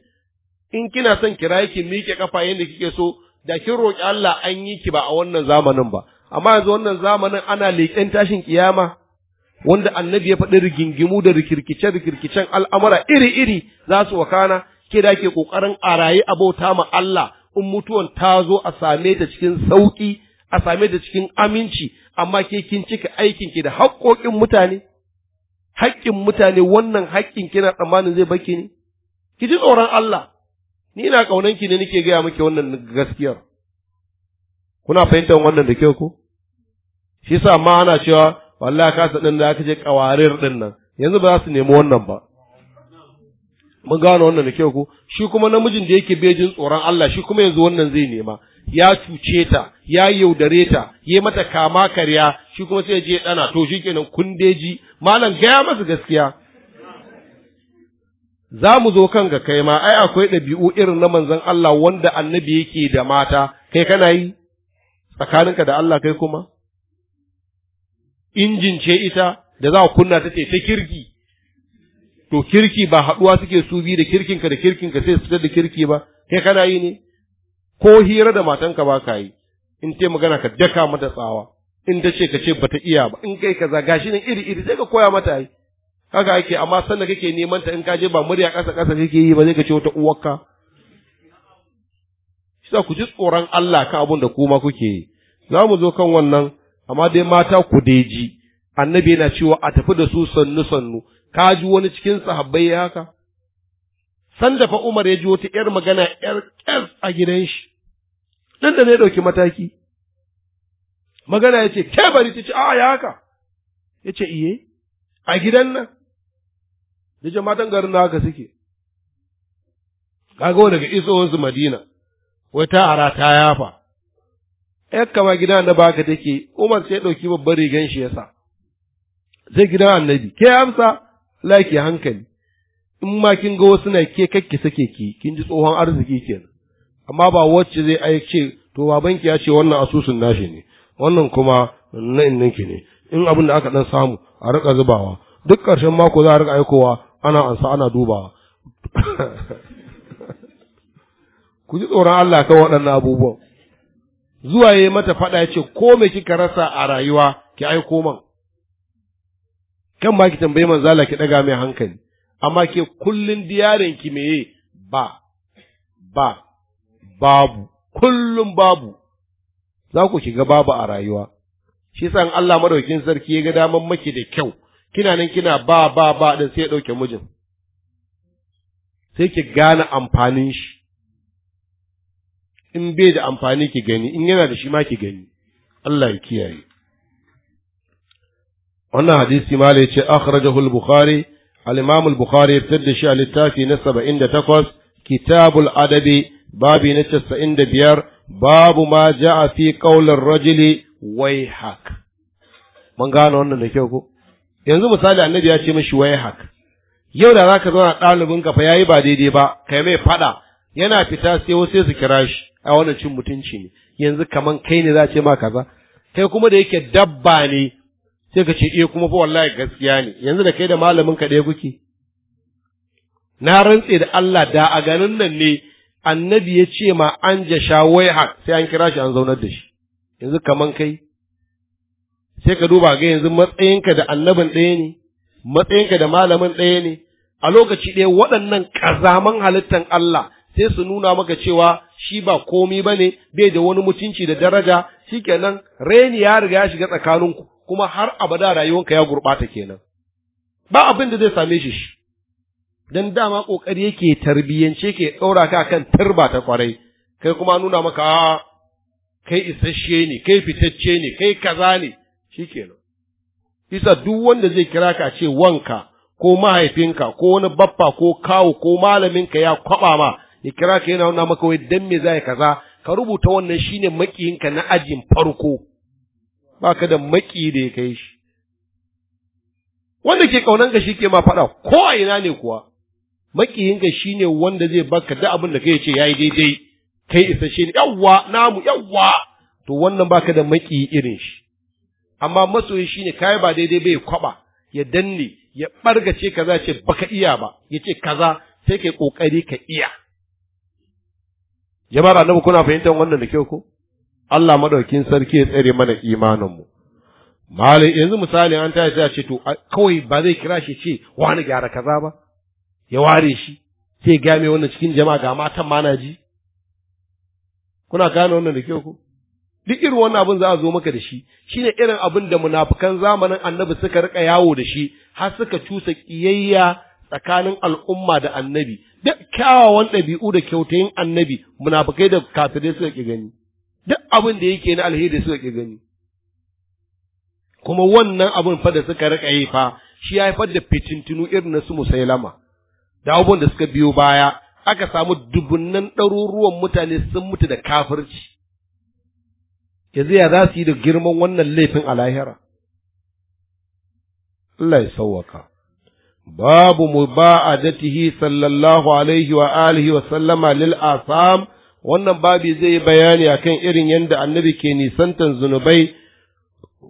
in kina son kira ki miƙe kafa yadda kike so da kin roƙi Allah an yi ki ba a wannan zamanin ba amma yanzu wannan zamanin ana leƙen tashin kiyama wanda annabi ya faɗi rigingimu da rikirkice rikirkicen al'amura iri-iri za su wakana ke da ke ƙoƙarin a raye abota ma Allah in mutuwan ta zo a same ta cikin sauƙi a same ta cikin aminci amma ke kin cika aikin ki da haƙƙoƙin mutane haƙƙin mutane wannan haƙƙin kina tsammanin zai baki ne ki ji tsoron Allah ni ina kaunan ki ne nake gaya miki wannan gaskiyar kuna fahimtar wannan da kyau ko shi sa ma ana cewa wallahi kasa din da aka je kawarir din nan yanzu ba za su nemi wannan ba mun gano wannan da kyau ko shi kuma namijin da yake bejin tsoron Allah shi kuma yanzu wannan zai nema ya cuce ta ya yaudare ta ya mata kama karya shi kuma sai ya je dana to shikenan kun deji malam gaya masa gaskiya za mu zo kan ga kai ma ai akwai ɗabi'u irin na manzan Allah wanda annabi yake da mata kai kana yi tsakaninka da Allah kai kuma injin ce ita da za kunna ta ce ta kirki to kirki ba haɗuwa suke su bi da kirkinka da kirkinka sai su da kirki ba kai kana yi ne ko hira da matanka ba ka yi in te magana ka daka mata tsawa in ta ce ka ce bata iya ba in kai kaza gashi nan iri iri sai ka koya mata yi kaga ake amma sanda kake neman ta in ka je ba murya ƙasa ƙasa kake yi ba zai ka ce wata uwarka shi ku ji tsoron Allah kan abin da kuma kuke yi za mu zo kan wannan amma dai mata ku dai ji annabi yana cewa a tafi da su sannu sannu ka ji wani cikin sahabbai ya haka sanda fa Umar ya ji wata ‘yar magana ‘yar ƙyar a gidan shi, nan da ne ɗauki mataki, magana ya ce, ke bari ta ce, a ya haka, ya ce, iye, a gidan nan, Da matan garin na haka suke. Kaga daga isowarsu Madina, wai ta ara ta yafa. ‘Yar kama gida annabi baka take, Umar sai ɗauki babban rigan shi ya sa. Sai gidan annabi, ke amsa, laki hankali. In ma kin ga wasu na ke kakki sake ki, kin ji tsohon arziki kenan. Amma ba wacce zai aice, to banki ya ce wannan asusun nashi ne, wannan kuma na inninki ne. in abin da aka dan samu a rika zubawa duk ƙarshen mako za a rika aikowa ana ansa ana duba. ku ji tsoron Allah kan waɗannan abubuwan zuwa ya mata faɗa ya ce ko me kika rasa a rayuwa ki aiko man kan ba ki tambayi manzala ki ɗaga mai hankali amma ke kullun diyarin ki meye ba ba babu kullun babu za ku shiga babu a rayuwa shi san Allah madaukin sarki ya ga daman maki da kyau kina nan kina ba ba ba din sai ya ɗauke mijin sai ki gane amfanin shi in bai da amfani ki gani in yana da shi ma ki gani Allah ya kiyaye wannan hadisi mala ya ce akhrajahu al-bukhari al-imam al-bukhari ya fitar da shi a littafi na 78 kitabul adabi babi na 95 babu ma ja'a fi qaulir rajuli wayhak mun gane wannan da kyau ko yanzu misali annabi ya ce mashi waye hak yau da zaka zauna ɗalibin ka fa yayi ba daidai ba kai mai fada yana fita sai wasu su kira shi a wannan cin mutunci ne yanzu kaman kai ne za ce ma kaza kai kuma da yake dabba ne sai ka ce eh kuma fa wallahi gaskiya ne yanzu da kai da malamin ka ɗaya kuke na rantse da Allah da a ganin nan ne annabi ya ce ma an jasha shawai hak sai an kira shi an zaunar da shi yanzu kaman kai sai ka duba ga yanzu matsayinka da annabin ɗaya ne matsayinka da malamin ɗaya ne a lokaci ɗaya waɗannan ƙazaman halittan Allah sai su nuna maka cewa shi ba komi ba ne bai da wani mutunci da daraja shi kenan reni ya riga ya shiga tsakaninku kuma har abada rayuwanka ya gurɓata kenan ba abin da zai same shi shi dan dama kokari yake tarbiyyance ke ɗaura ka kan turba ta kwarai kai kuma nuna maka kai isasshe ne kai fitacce ne kai kaza ne shikenan isa duk wanda zai kira ka ce wanka ko mahaifinka ko wani baffa ko kawu ko malaminka ya kwaba ma ya kira ka yana nuna maka wai dan me zai kaza ka rubuta wannan shine makiyinka na ajin farko baka da maki da ya kai shi wanda ke kaunan ka shike ma fada ko a ina ne kuwa makiyinka shine wanda zai baka da abin da kai ce yayi daidai kai isasshe ne yawwa namu yawwa to wannan baka da maki irin shi amma masoyi shine kayi ba daidai bai kwaba ya danne ya bargace kaza ce baka iya ba ya ce kaza sai kai kokari ka iya jama'ar annabi kuna fahimtar wannan da kyau ko Allah madaukin sarki ya tsare mana imaninmu malai yanzu misali an ta ya ce to kawai ba zai kira shi ce wani gyara kaza ba ya ware shi sai game wannan cikin jama'a ga matan ma na ji kuna gane wannan da kyau ko duk irin wannan abin za a zo maka da shi shine irin abin da munafukan zamanin annabi suka rika yawo da shi har suka cusa kiyayya tsakanin al'umma da annabi duk kyawawan ɗabi'u da kyautayin annabi munafukai da kafirai suka ki gani duk abin da yake na alheri suka ki gani kuma wannan abin fa da suka rika yi fa shi ya haifar da fitintunu irin na su musailama da abubuwan da suka biyo baya aka samu dubunnan ɗaruruwan mutane sun mutu da kafirci yanzu ya za su yi da girman wannan laifin a lahira Allah ya sauwaka babu mu ba a datihi sallallahu alaihi wa alihi wa sallama lil asam wannan babi zai yi bayani a kan irin yadda annabi ke nisantan zunubai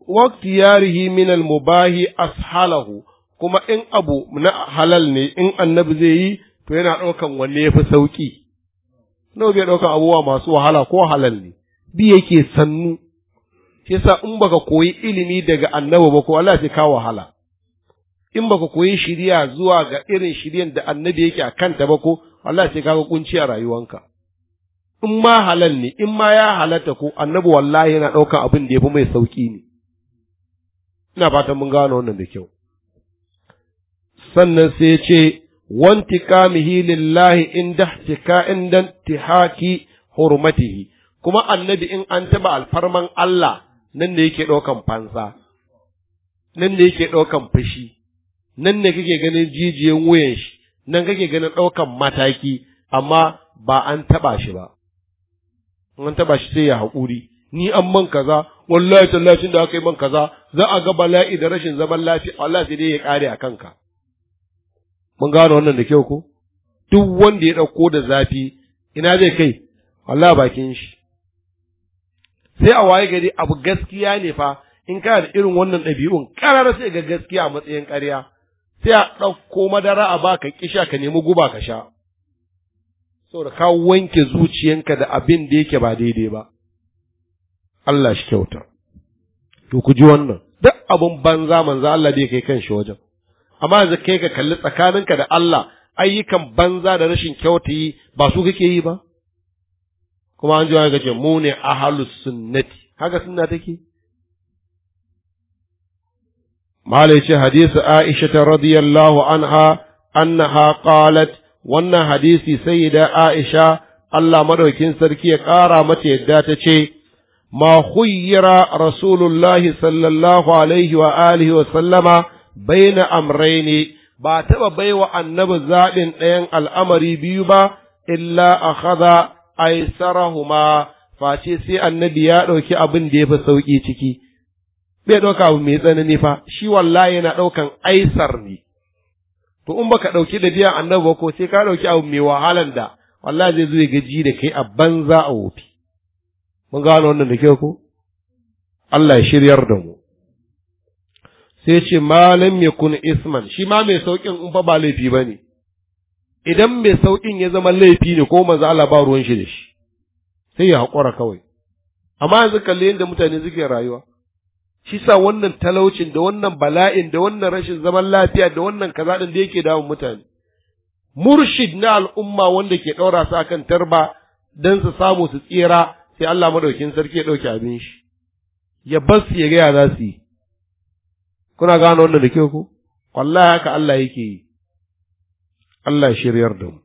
waqtiyarihi min al mubahi ashalahu kuma in abu na halal ne in annabi zai yi to yana ɗaukan wanne ya fi sauƙi nawa bai ɗaukan abubuwa masu wahala ko halal ne bi yake sannu shi yasa in baka koyi ilimi daga annabi ba ko Allah sai ka wahala in baka koyi shiriya zuwa ga irin shiryan da annabi yake a kanta ba ko Allah sai ka kunci a rayuwanka in ma halal ne in ma ya halatta ko annabi wallahi yana ɗaukan abin da ya fi mai sauki ne ina fatan mun gano wannan da kyau sannan sai ya ce wanti kamihi lillahi inda tika inda tihaki hurmatihi kuma annabi in an taba alfarman Allah nan ne yake ɗaukan fansa nan ne yake ɗaukan fushi nan ne kake ganin jijiyan wuyan shi nan kake ganin ɗaukan mataki amma ba an taba shi ba an taba shi sai ya haƙuri ni an man kaza wallahi tallacin da aka yi man kaza za a ga bala'i da rashin zaman lafiya Allah sai dai ya kare a kanka mun gano wannan da kyau ko duk wanda ya ɗauko da zafi ina zai kai Allah bakin shi sai a waye gari abu gaskiya ne fa in kana da irin wannan ɗabi'un ƙarar sai ga gaskiya a matsayin ƙarya sai a ɗauko madara a baka kisha ka nemi guba ka sha saboda ka wanke zuciyanka da abin da yake ba daidai ba Allah shi kyauta to ku ji wannan duk abin banza manzo Allah bai kai kan shi wajen amma yanzu kai ka kalli tsakaninka da Allah ayyukan banza da rashin kyautayi ba su kake yi ba kuma an jiwa ga ce mu ne ahalus sunnati haka sunna take malai ce hadisi aisha ta radiyallahu anha annaha qalat wannan hadisi sayyida aisha Allah madaukin sarki ya ƙara mata yadda ta ce ma khuyyira rasulullahi sallallahu alaihi wa alihi wa sallama baina amraini ba taɓa baiwa annabi zaɓin ɗayan al'amari biyu ba illa akhadha aisarahuma face sai annabi ya ɗauki abin da ya fi sauƙi ciki bai ɗauka abu mai tsanani fa shi wallahi yana ɗaukan aisar ne to in baka ɗauki da biyan annabi ba ko sai ka ɗauki abu mai wahalan da wallahi zai zo ya gaji da kai a banza a wofi mun gano wannan da kyau ko Allah ya shiryar da mu sai ce malam yakun isman shi ma mai sauƙin in fa ba laifi bane idan mai sauƙin ya zama laifi ne ko manzo Allah ba ruwan shi da shi sai ya haƙura kawai amma yanzu kalle yadda mutane suke rayuwa shi sa wannan talaucin da wannan bala'in da wannan rashin zaman lafiya da wannan kaza din da yake damun mutane murshid na al'umma wanda ke ɗaura su akan tarba don su samu su tsira sai Allah madaukin sarki ya ɗauki abin shi ya bar su ya gaya za su yi kuna gano wannan da kyau ko wallahi haka Allah yake yi Allah shiryar da mu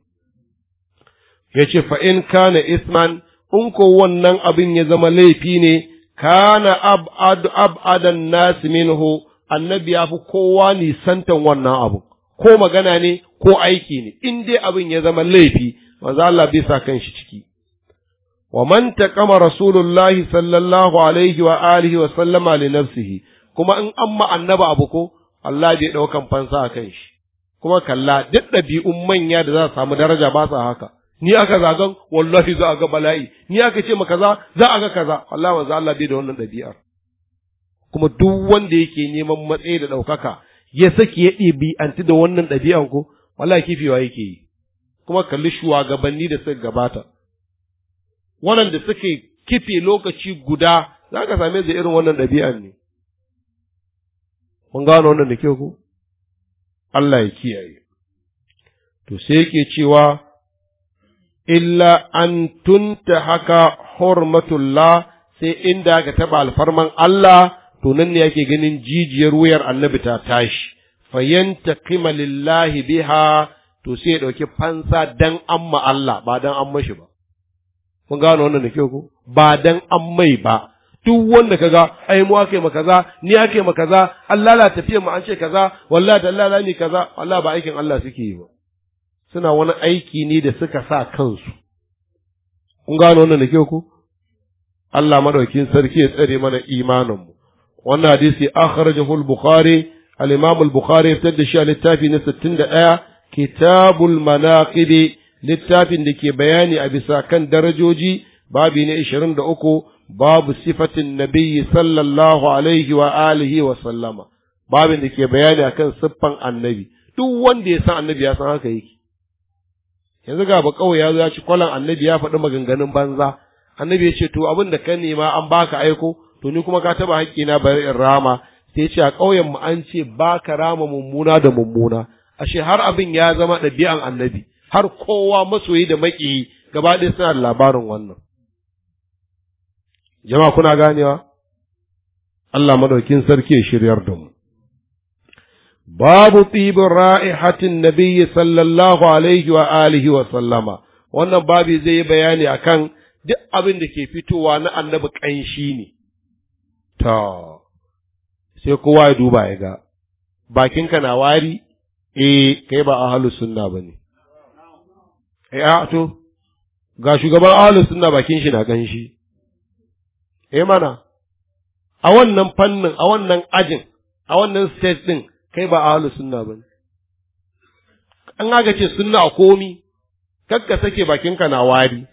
ya ce fa in kana isman in ko wannan abin ya zama laifi ne kana na ab'adan nas minhu annabi ya fi kowa nisantan wannan abu ko magana ne ko aiki ne in dai abin ya zama laifi maza Allah bai sa kan shi ciki wa man kama rasulullahi sallallahu alaihi wa alihi wa sallama li nafsihi kuma in amma annaba abu ko Allah bai ɗaukan fansa a kan shi kuma kalla duk ɗabi'un manya da za su samu daraja ba sa haka ni aka zagan wallahi za a ga bala'i ni aka ce ma kaza za a ga kaza wallahi wanzu Allah bai da wannan ɗabi'ar kuma duk wanda yake neman matsayi da ɗaukaka ya saki ya ɗabi'anti da wannan ɗabi'an ko wallahi kifewa yake yi kuma kalli shugabanni da suka gabata waɗanda suke kife lokaci guda za ka same su irin wannan ɗabi'an ne mun gano wannan da kyau ko Allah ya kiyaye. To sai yake cewa, Illa an tunta haka hurmatullah sai inda aka taɓa alfarman Allah, to nan ne yake ganin jijiyar wuyar annabi ta tashi, fayyanta kima lillahi biha to sai ya ɗauki fansa dan amma Allah ba dan amma shi ba. Mun gano wannan da kyau ko? Ba dan an ba, duk wanda kaga ai mu ake maka kaza ni ake ma kaza Allah la tafiya mu an ce kaza wallahi da Allah ni kaza Allah ba aikin Allah suke yi ba suna wani aiki ne da suka sa kansu kun gano wannan da ke ku Allah madaukin sarki ya tsare mana imanin mu wannan hadisi akhrajahu al-bukhari al-imam al-bukhari ya fitar da shi a littafi na 61 kitabul manaqib littafin da ke bayani a bisa kan darajoji babi ne 23 babu sifatin nabiyyi sallallahu alaihi wa alihi wa sallama babin da ke bayani akan siffan annabi duk wanda ya san annabi ya san haka yake yanzu gaba bakawo ya zo ya ci kwalon annabi ya faɗi maganganun banza annabi ya ce to abin da ka nema an baka aiko to ni kuma ka taba na bari in rama sai ce a ƙauyen mu an ce baka rama mummuna da mummuna ashe har abin ya zama ɗabi'an annabi har kowa masoyi da makiyi, gaba ɗaya suna da labarin wannan jama'a kuna ganewa Allah madaukin sarki ya shiryar da mu babu tibin ra'ihatin nabiyyi sallallahu alaihi wa alihi wa sallama wannan babi zai yi bayani akan duk abin da ke fitowa na annabi ƙanshi ne ta sai kowa ya duba ya ga bakinka na wari eh kai ba ahalu sunna ba ne eh a to ga shugaban ahalu sunna bakin shi na ƙanshi eh mana a wannan fannin a wannan ajin a wannan stage din kai ba ahlu sunna ba an ga ce sunna a komi karka sake bakinka na wari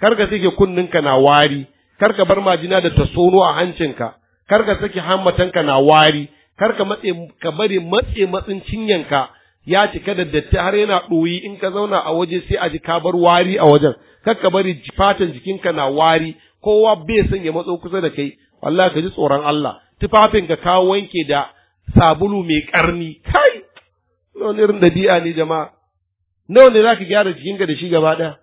karka sake kunninka na wari karka bar majina da tasono a a hancinka karka sake hammatanka na wari karka matse ka bari matse matsin cinyanka ya cika da datti har yana ɗoyi in ka zauna a waje sai a ji ka bar wari a wajen karka bari fatan jikinka na wari kowa bai son ya matso kusa da kai wallahi ka ji tsoron Allah tufafin ka ka wanke da sabulu mai karni kai nawa irin dabi'a ne jama'a nawa ne ka gyara jikinka da shi gaba ɗaya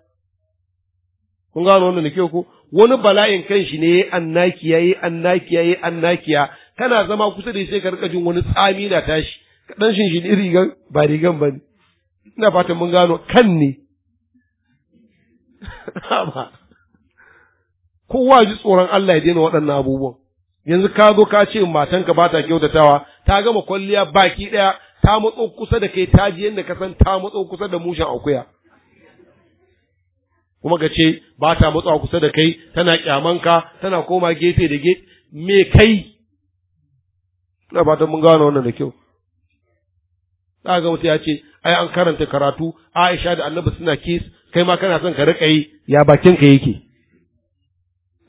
kun gano wannan da kyau ko wani bala'in kan shi ne annakiya yi annakiya yi annakiya kana zama kusa da sai ka rika jin wani tsami na tashi kaɗan shin shi rigan ba rigan ba ne ina fatan mun gano kan ne kowa ji tsoron Allah ya daina waɗannan abubuwan yanzu ka zo ka ce matanka ba ta kyautatawa ta gama kwalliya baki ɗaya ta matso kusa da kai ta ji yadda ka san ta matso kusa da mushen akuya kuma ka ce ba ta matso kusa da kai tana kyamanka tana koma gefe da gefe me kai na ba ta mun gano wannan da kyau za ga wata ya ce ai an karanta karatu Aisha da Annabi suna kis kai ma kana son ka riƙa yi ya bakinka ka yake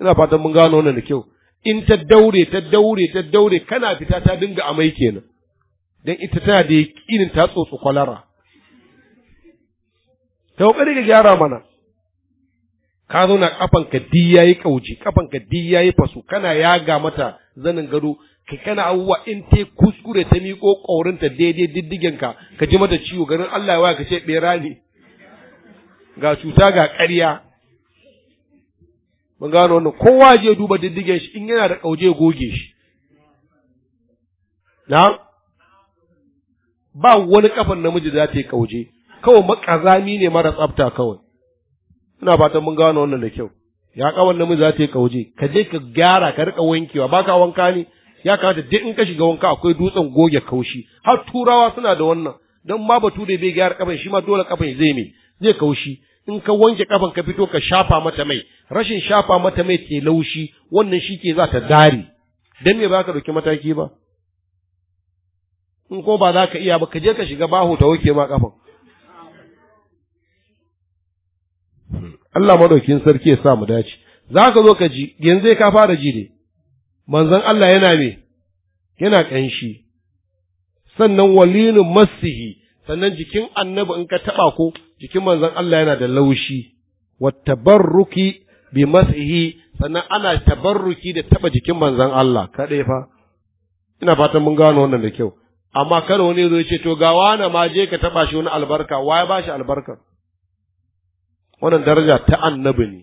ina fatan mun gano wannan da kyau in ta daure ta daure ta daure kana fita ta dinga amai kenan dan ita tana da yakinin ta tsotsi kwalara ta kokari ka gyara mana ka zo na kafan ka di yayi kauci kafan ka di yayi fasu kana yaga mata zanin gado ka kana abubuwa in ta kuskure ta miƙo ƙaurinta daidai diddigen ka ka ji mata ciwo garin Allah ya waya ka ce bera ne ga cuta ga ƙarya mun gano wannan kowa je duba diddigen shi in yana da kauje goge shi na ba wani kafan namiji za ta yi kauje kawai makazami ne mara tsafta kawai ina fatan mun gano wannan da kyau ya kawan namiji za ta yi kauje ka je ka gyara ka rika wankewa ba ka wanka ne ya kamata duk in ka shiga wanka akwai dutsen goge kaushi har turawa suna da wannan don ma da bai gyara kafan shi ma dole kafan zai me zai kaushi in ka wanke kafan ka fito ka shafa mata mai rashin shafa mata mai ke laushi wannan shi ke za ta dare dan me ba ka dauki mataki ba in ko ba za ka iya ba ka je ka shiga baho ta wuke ma kafan Allah madaukin sarki ya sa mu dace za ka zo ka ji yanzu ka fara ji ne manzon Allah yana me yana kanshi sannan walinu masihi sannan jikin annabi in ka taɓa ko jikin manzon Allah yana da laushi wa tabarruki bi masihi sannan ana tabarruki da taɓa jikin manzon Allah kaɗai fa ina fatan mun gano wannan da kyau amma kada wani zo ce to ga wani ma je ka taɓa shi wani albarka waye ba shi albarka. wannan daraja ta annabi ne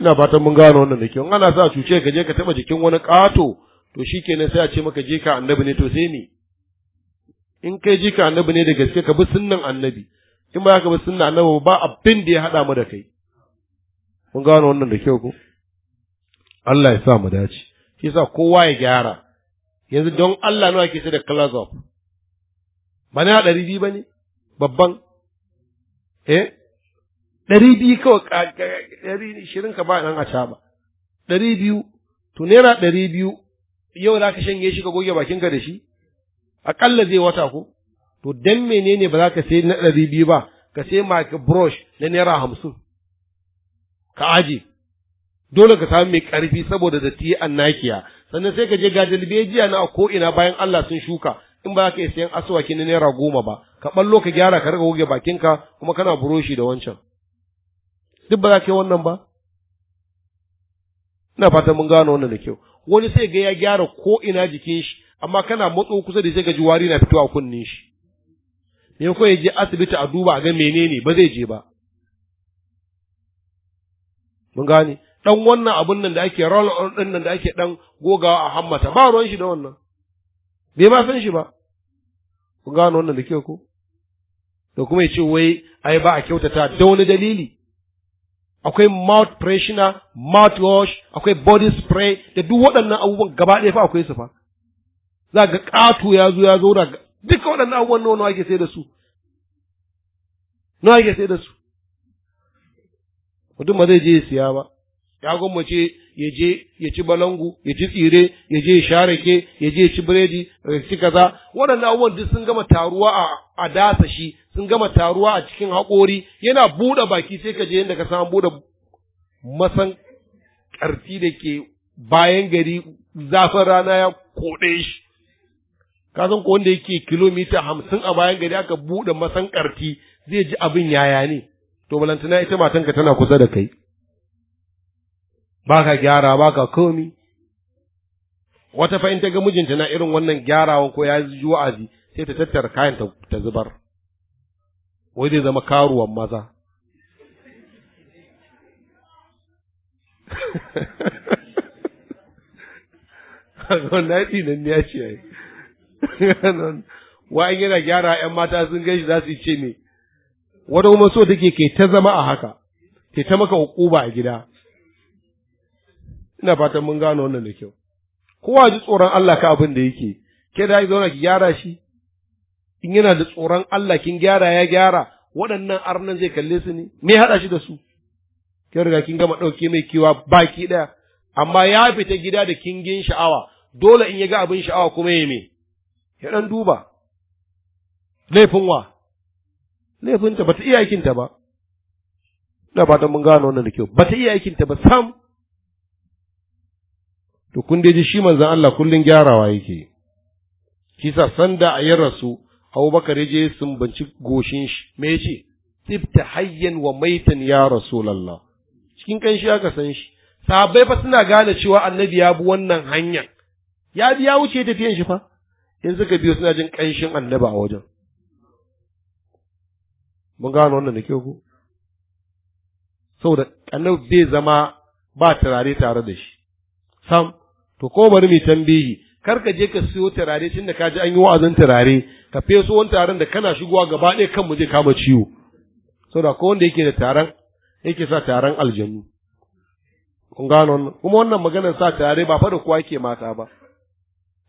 ina fatan mun gano wannan da kyau ana sa cuce ka je ka taɓa jikin wani ƙato to shikenan sai a ce maka je ka annabi ne to sai ni in kai jika annabi ne da gaske ka bi sunnan annabi in ba ka bi sunnan annabi ba abin da ya haɗa mu da kai kun gano wannan da kyau ko Allah ya sa mu dace shi yasa kowa ya gyara yanzu don Allah nawa ke ce da class of ba a ɗari biyu ba ne babban eh ɗari biyu kawai ɗari ishirin ka ba nan a caba ɗari biyu to naira ɗari biyu yau za ka shanye shi ka goge bakinka da shi aƙalla zai wata ko to dan menene ba za ka sai na ɗari biyu ba ka sai maka brush na naira hamsin ka aje dole ka samu mai ƙarfi saboda da an annakiya sannan sai ka je ga dalbejiya na a ko'ina bayan Allah sun shuka in ba ka sayan aswaki na naira goma ba ka ballo ka gyara ka riga goge bakinka kuma kana buroshi da wancan duk ba za ka yi wannan ba ina fatan mun gano wannan da kyau wani sai ga ya gyara ko ina jikin shi amma kana motsa kusa da sai ga ji wari na fitowa kunne shi me ko ya je asibiti a duba a ga menene ba zai je ba mun gane dan wannan abun nan da ake roll on din nan da ake dan gogawa a hammata ba ruwan shi da wannan bai ma san shi ba kun gane wannan da kyau ko da kuma ya ce wai ai ba a kyautata da wani dalili akwai mouth pressure mouth wash akwai body spray da duk waɗannan abubuwan gaba ɗaya fa akwai su fa za ga ƙato ya zo ya zauna duka waɗannan abubuwan nawa ake sai da su nawa ake sai da su mutum ba zai je ya siya ba ya gwammace ya je ya ci balangu ya ci tsire ya je ya share ke ya je ya ci biredi ya ci kaza waɗannan abubuwan duk sun gama taruwa a a dasa shi sun gama taruwa a cikin haƙori yana buɗe baki sai ka je inda ka samu buɗe masan ƙarfi da ke bayan gari zafin rana ya koɗe shi ka san ko wanda yake kilomita hamsin a bayan gari aka buɗe masan ƙarfi zai ji abin yaya ne to balantana ita matanka tana kusa da kai ba ka gyara ba ka komi wata fa in ta ga mijinta na irin wannan gyarawa ko ya ji wa'azi sai ta tattara kayan ta zubar wai zai zama karuwan maza wannan nan ya ce in yana gyara ƴan mata sun gaishe za su ce ne wata kuma so take ke ta zama a haka, ke ta maka hukuba a gida. Ina fatan mun gano wannan da kyau. Kowa ji tsoron Allah ka abin da yake, ke da zauna ki gyara shi, in yana da tsoron Allah kin gyara ya gyara, waɗannan arnan zai kalle su ne, me haɗa shi da su? Kin riga kin gama ɗauke mai kiwa baki ɗaya, amma ya fita gida da kingin sha'awa, dole in ya ga abin sha'awa kuma ya me, ya ɗan duba laifin wa laifinta ba ta iya aikinta ba na ba mun gano wannan da kyau ba ta iya aikinta ba sam to kun dai ji shi manzan Allah kullun gyarawa yake Kisa sa sanda a yi rasu Abubakar ya je sun banci goshin shi me yace tsibta hayyan wa maitan ya rasulullah cikin kanshi aka san shi sahabbai fa suna gane cewa annabi ya bi wannan hanya ya bi ya wuce tafiyan shi fa in suka biyo suna jin ƙanshin annaba a wajen mun gano wannan da kyau ku saboda annabi bai zama ba turare tare da shi sam to ko bari mu tambayi kar ka je ka siyo turare tun da ka ji an yi wa'azin turare ka feso wani taron da kana shigowa gaba ɗaya kan mu je kama ciwo saboda ko wanda yake da taron yake sa taron aljanu kun gano wannan kuma wannan maganar sa turare ba fa da kowa yake mata ba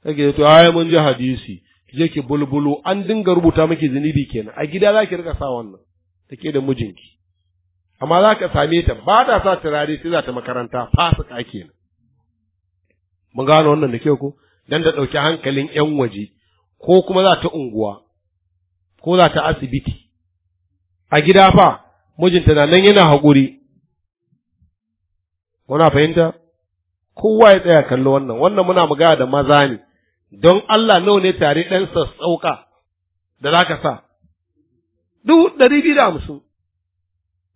kage to ai mun ji hadisi ki je ki bulbulo an dinga rubuta miki zunubi kenan a gida za ki rika sa wannan take da mijinki amma za ka same ta ba ta sa turare sai za ta makaranta fasika kenan mun gano wannan da ke ko dan da dauki hankalin 'yan waje ko kuma za ta unguwa ko za ta asibiti a gida fa mijinta na nan yana haƙuri muna fahimta kowa ya tsaya kallo wannan wannan muna magana da maza ne don Allah nawa ne tare ɗan sassauka da za ka sa duk ɗari biyu da hamsin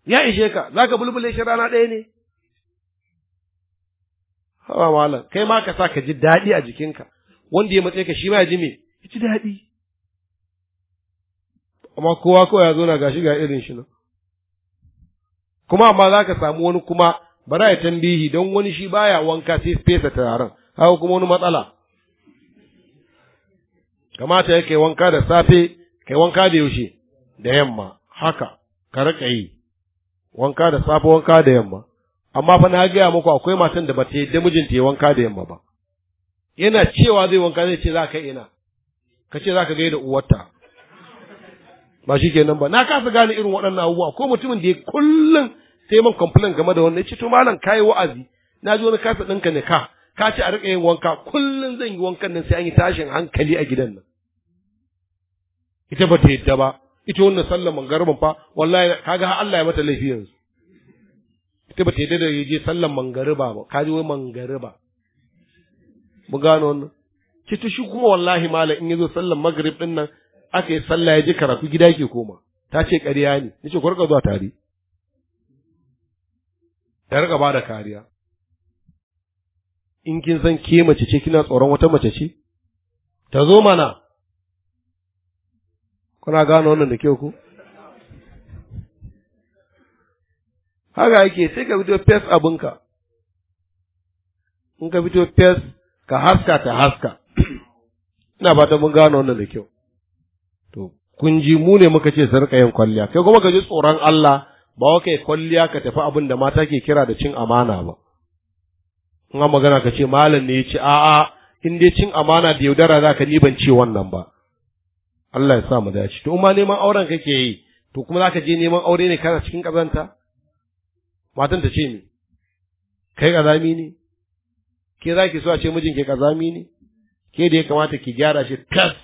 ya ishe ka za ka bulbule shi rana ɗaya ne hawa malam kai ma ka sa ka ji daɗi a jikinka wanda ya matse ka shi ma ya ji me ya ji daɗi amma kowa kowa ya zo na gashi ga irin shi nan kuma amma za ka samu wani kuma bara ya tambihi don wani shi baya wanka sai fesa turaren haka kuma wani matsala kamata ya kai wanka da safe kai wanka da yaushe da yamma haka ka rika yi wanka da safe wanka da yamma amma fa na gaya muku akwai matan da ba ta yi mijinta ya wanka da yamma ba yana cewa zai wanka zai ce za ka ina ka ce za ka gaida uwarta ba shi ke nan ba na kasa gane irin waɗannan abubuwa ko mutumin da ya kullum sai man complain game da wannan ce to malam kayi wa'azi na ji wani kasa ɗinka ne ka ka ce a riƙa yin wanka kullum zan yi wankan nan sai an yi tashin hankali a gidan nan ita ba ta yadda ba ita wannan sallar mangarban fa wallahi kaga Allah ya mata laifi yanzu ita ba ta yadda da yaje sallar mangariba ba kaji wai mangariba mu gano wannan ki ta shi kuma wallahi malam in yazo sallar maghrib din nan aka yi sallah ya je karatu gida ke koma ta ce ƙarya ne nace ko rika zuwa tare ta rika bada kariya in kin san ke mace ce kina tsoron wata mace ce ta zo mana kuna gano wannan da kyau ko haka yake sai ka fito fes abinka in ka fito fes ka haska ta haska ina fata mun gano wannan da kyau to kun ji mu ne muka ce su rika yin kwalliya kai kuma ka ji tsoron Allah ba wa kai kwalliya ka tafi abin da mata ke kira da cin amana ba in an magana ka ce malam ne ya ce a'a in dai cin amana da yaudara za ka ni ban ce wannan ba Allah ya sa mu dace to ma neman auren kake yi to kuma za ka je neman aure ne kana cikin kazanta matan ta ce ni kai kazami ne ke za ki so a ce mijin ke kazami ne ke da ya kamata ki gyara shi tas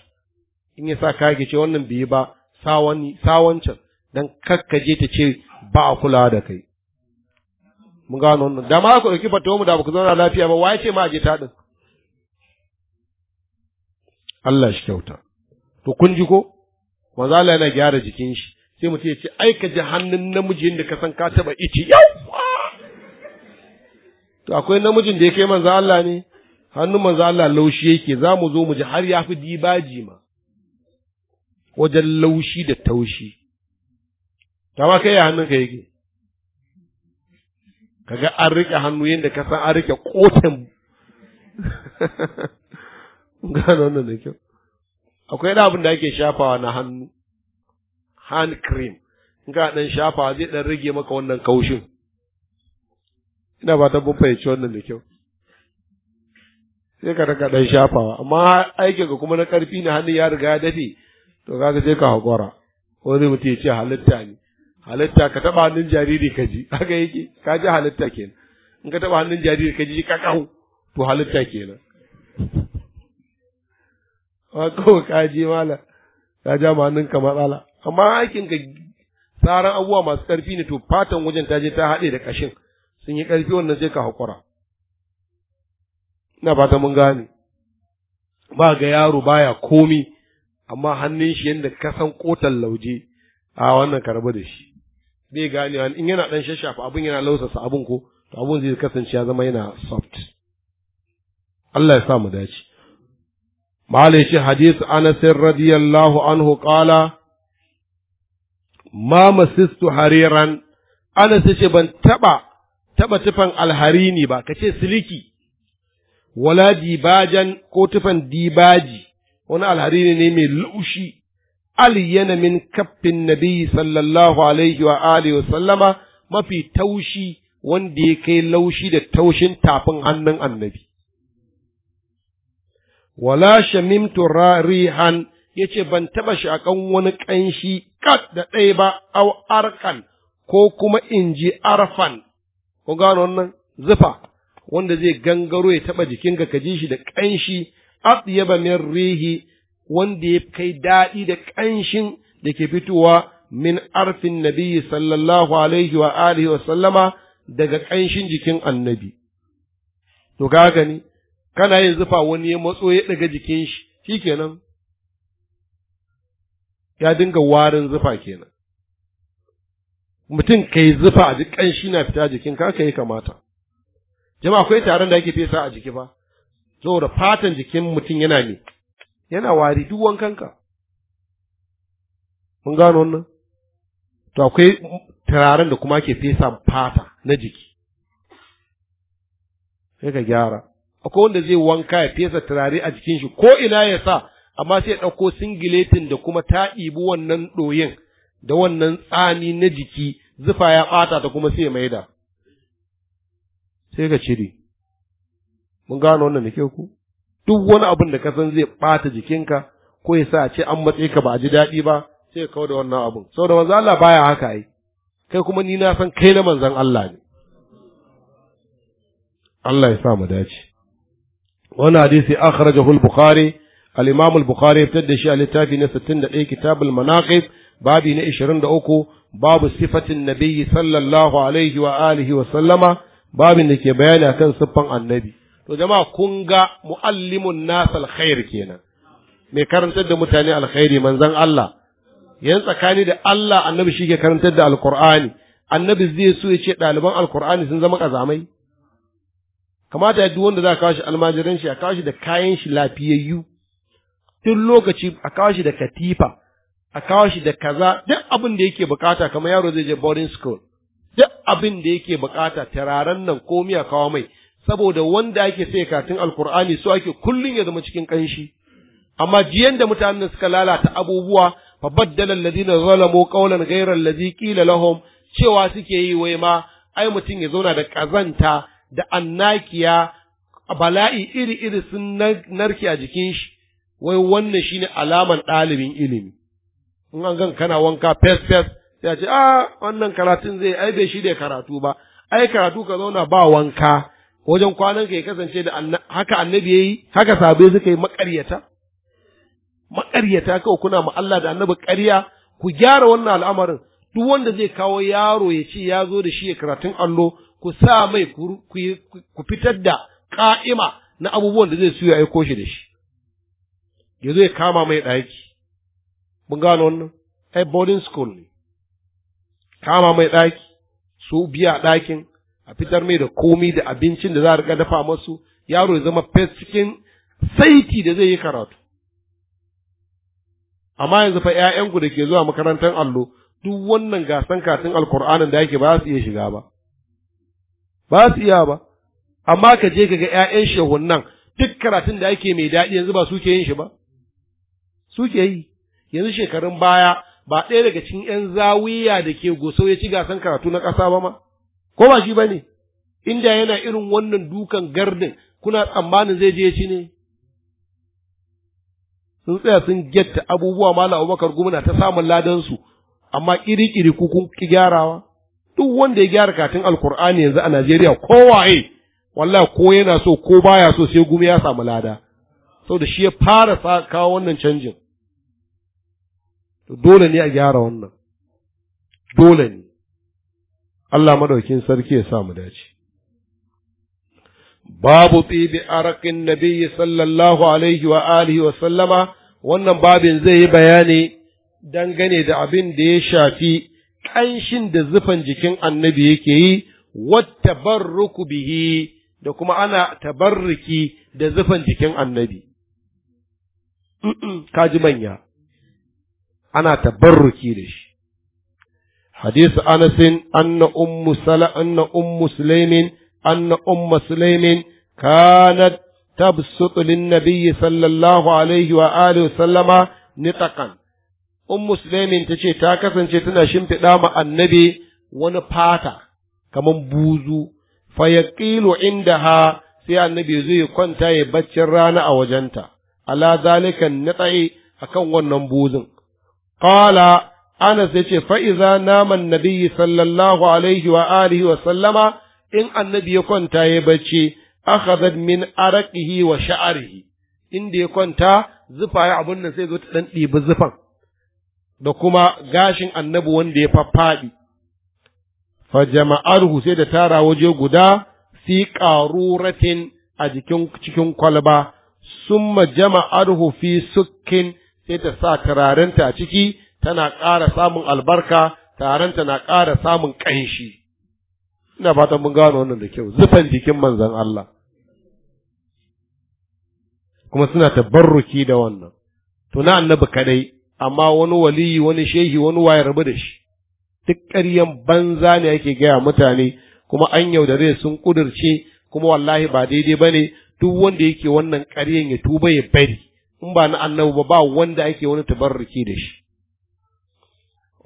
in ya sa kaya ki ce wannan bai ba sawancan don sa wancan dan kakkaje ta ce ba a kulawa da kai mun gano wannan da ma ku dauki fatawa mu da ku zauna lafiya ba waye ce ma je ta din Allah shi kyauta to kun ji ko manzo Allah yana gyara jikin shi sai mutum ya ce ai ka ji hannun namiji da ka san ka taba ici yawa to akwai namijin da ya kai manzo Allah ne hannun manzo Allah laushi yake za mu zo mu ji har ya fi dibaji ma wajen laushi da taushi ta ma kai hannun ka yake kaga an rike hannu yadda ka san an rike kotan gano wannan da kyau akwai da abin da ake shafawa na hannu hand cream in ka dan shafawa zai dan rage maka wannan kaushin ina ba ta mun fahimci wannan da kyau sai ka raka dan shafawa amma aikin ka kuma na karfi ne hannun ya riga ya dafe to kaga sai ka hakura wani mutum ya ce halitta ne halitta ka taba hannun jariri ka ji haka yake ka ji halitta kenan in ka taba hannun jariri ka ji ka kahu to halitta kenan wa ko ka ji mala ka ja ma hannun ka matsala amma aikin ka tsaran abubuwa masu karfi ne to fatan wajen ta je ta haɗe da kashin sun yi karfi wannan sai ka haƙura ina fata mun gane ba ga yaro baya komi amma hannun shi yadda kasan kotan lauje a wannan karbi da shi bai ganewa in yana dan shashafa abun yana lausasa abun ko to abun zai kasance ya zama yana soft Allah ya sa mu dace mala yace hadith Anas radiyallahu anhu qala ma masistu hariran Anas yace ban taba taba tufan alharini ba kace siliki wala dibajan ko tufan dibaji wani alharini ne mai laushi alyana min kaffin nabi sallallahu alaihi wa alihi sallama mafi taushi wanda ya kai laushi da taushin tafin hannun annabi wala shamimtu rihan yace ban taba shakan wani kanshi kat da ɗaya ba au arkan ko kuma inji arfan kun gano wannan zufa wanda zai gangaro ya taba jikinka ka ji shi da kanshi atyaba min rihi wanda ya kai daɗi da ƙanshin da ke fitowa min arfin nabi sallallahu alaihi wa alihi wa sallama daga ƙanshin jikin annabi. To ga gani, kana yin zufa wani ya matso ya ɗaga jikin shi, shi kenan. Ya dinga warin zufa kenan. Mutum ka yi zufa a jikin shi na fita jikin ka ka yi kamata. Jama'a akwai taron da ake fesa a jiki ba, saboda fatan jikin mutum yana ne, yana wari duk wankanka mun gano wannan to akwai turaren da kuma ke fesa fata na jiki sai ka gyara akwai wanda zai wanka ya fesa turare a jikin shi ko ina ya sa amma sai ya ɗauko singiletin da kuma ta ibi wannan ɗoyin da wannan tsani na jiki zufa ya ɓata ta kuma sai ya maida sai ka cire mun gano wannan da kyau ku duk wani abin da ka san zai ɓata jikinka ko ya sa a ce an matse ka ba a ji daɗi ba sai ka kawo da wannan abin saboda manzo Allah baya haka yi kai kuma ni na san kai na manzon Allah ne Allah ya sa mu dace wannan hadisi akhrajahu al-bukhari al-imam al-bukhari fitar da shi a littafi na 61 kitab al-manaqib babi na 23 babu sifatin nabiyyi sallallahu alaihi wa alihi wa sallama babin da ke bayani akan siffan annabi to jama'a kun ga muallimun nas alkhair kenan mai karantar da mutane alkhairi manzon Allah yan tsakani da Allah annabi shi ke karantar da alkur'ani annabi zai so ya ce ɗaliban alkur'ani sun zama kazamai? kamata ya duk wanda za a kawo shi almajiran shi a kawo shi da kayan shi lafiyayyu tun lokaci a kawo shi da katifa a kawo shi da kaza duk abin da yake bukata kamar yaro zai je boarding school duk abin da yake bukata tararen nan komai a kawo mai saboda wanda ake sai katin alkur'ani su ake kullun ya zama cikin kanshi amma jiyan da mutanen suka lalata abubuwa fa baddala alladhina zalamu qawlan ghayra alladhi qila lahum cewa suke yi wai ma ai mutum ya zauna da kazanta da annakiya bala'i iri-iri sun narke a jikin shi wai wannan shine alaman ɗalibin ilimi in an gan kana wanka fes fes sai a ce a ah, wannan karatun zai ai bai shi da karatu ba ai karatu ka zauna ba wanka wajen kwanan ka ya kasance da haka annabi yi haka sabai suka yi makaryata makaryata kawai kuna ma Allah da annabi ƙarya ku gyara wannan al'amarin duk wanda zai kawo yaro ya ce ya zo da shi ya karatun allo ku sa mai ku fitar da ka'ima na abubuwan da zai suya aiko shi da shi ya zo ya kama mai ɗaki mun gano wannan ai boarding school ne kama mai ɗaki su biya ɗakin a fitar mai da komi da abincin da za a riga dafa masu yaro ya zama fes cikin saiti da zai yi karatu amma yanzu fa ƴaƴanku da ke zuwa makarantar allo duk wannan gasan katin alkur'anin da yake ba su iya shiga ba ba su iya ba amma ka je ka ga ƴaƴan shehun nan duk karatun da ake mai daɗi yanzu ba suke yin shi ba suke yi yanzu shekarun baya ba ɗaya daga cikin ƴan zawiya da ke goso ya ci gasan karatu na ƙasa ba ma ko ba shi bane inda yana irin wannan dukan gardin kuna tsammanin zai je shi ne sun tsaya sun getta abubuwa mala abubakar gumna ta samun ladansu amma kiri-kiri ku kun ki gyarawa duk wanda ya gyara katin alkur'ani yanzu a najeriya kowaye walla ko yana so ko baya so sai gumi ya samu lada da shi ya fara kawo wannan canjin dole ne a gyara wannan dole ne Allah madaukin sarki ya sa mu dace babu tsibi arakin nabiyyi sallallahu alaihi wa alihi wa sallama wannan babin zai yi bayani dangane da abin da ya shafi ƙanshin da zufan jikin annabi yake yi wata barruku bihi da kuma ana tabarruki da zufan jikin annabi kaji manya ana tabarruki da shi حديث أنس أن أم سل أن أم سليم أن أم سليم كانت تبسط للنبي صلى الله عليه وآله وسلم نطقا أم سليم تشي تاكسا تنا شمت دام النبي ونفاتا كمان بوزو فيقيل عندها سي النبي زي كنت يبتشر رانا أو جنتا على ذلك النطعي أكون بوزن قال Anas ya ce fa'iza naman nabiyyi sallallahu alaihi wa alihi wa sallama in annabi ya kwanta ya bacci akhadhat min araqihi wa sha'arihi inda ya kwanta zufa ya abun nan sai zo ta dan ɗibi zufan da kuma gashin annabi wanda ya faffaɗi fa jama'arhu sai da tara waje guda fi qaruratin a jikin cikin kwalba summa jama'arhu fi sukkin sai ta sa turarenta a ciki tana ƙara samun albarka taronta na ƙara samun ƙanshi ina fatan mun gano wannan da kyau zufan jikin manzan Allah kuma suna tabarruki da wannan to na annabi kadai amma wani waliyi wani shehi wani waye rabu da shi duk ƙaryan banza ne ake gaya mutane kuma an yaudare sun ƙudurce kuma wallahi ba daidai ba ne duk wanda yake wannan ƙaryan ya tuba ya bari in ba na annabi ba ba wanda ake wani tabarruki da shi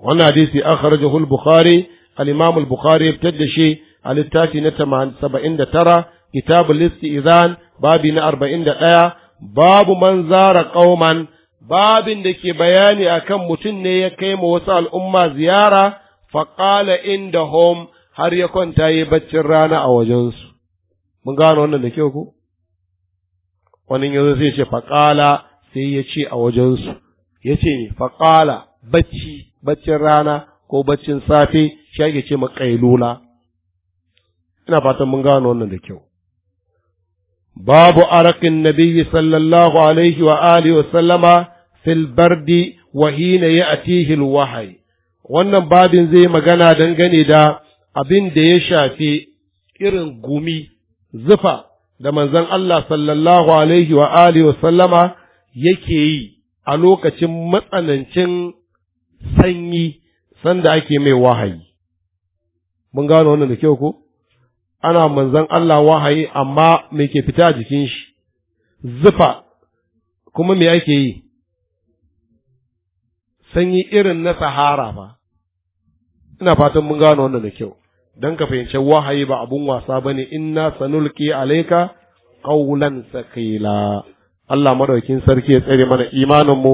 wannan hadisi akhrajahu al-bukhari al-imam al-bukhari ibtada shi a littafi na 79 kitab al Izan babi na 41 babu man zara qauman babin da ke bayani akan mutum ne ya kai mu wasu al'umma ziyara faqala indahum har ya kwanta yi baccin rana a wajensu mun gano wannan da kyau ko wani yanzu sai ce faƙala sai ya ce a wajensu ya ce ne faƙala bacci baccin rana ko baccin safe shi ake ce ma ƙailula ina fatan mun gano wannan da kyau babu arakin nabiyyi sallallahu alaihi wa alihi wa sallama fil bardi wa hina ya'tihi al-wahyi wannan babin zai magana dangane da abin da ya shafi irin gumi zufa da manzon Allah sallallahu alaihi wa alihi wa sallama yake yi a lokacin matsanancin sanyi sanda ake mai wahayi mun gano wannan da kyau ko ana manzan Allah wahayi amma me ke fita jikin shi zufa kuma me ake yi sanyi irin na sahara ba ina fatan mun gano wannan da kyau dan ka fahimci wahayi ba abun wasa bane inna sanulki alayka qawlan saqila Allah madaukin sarki ya tsare mana imanin mu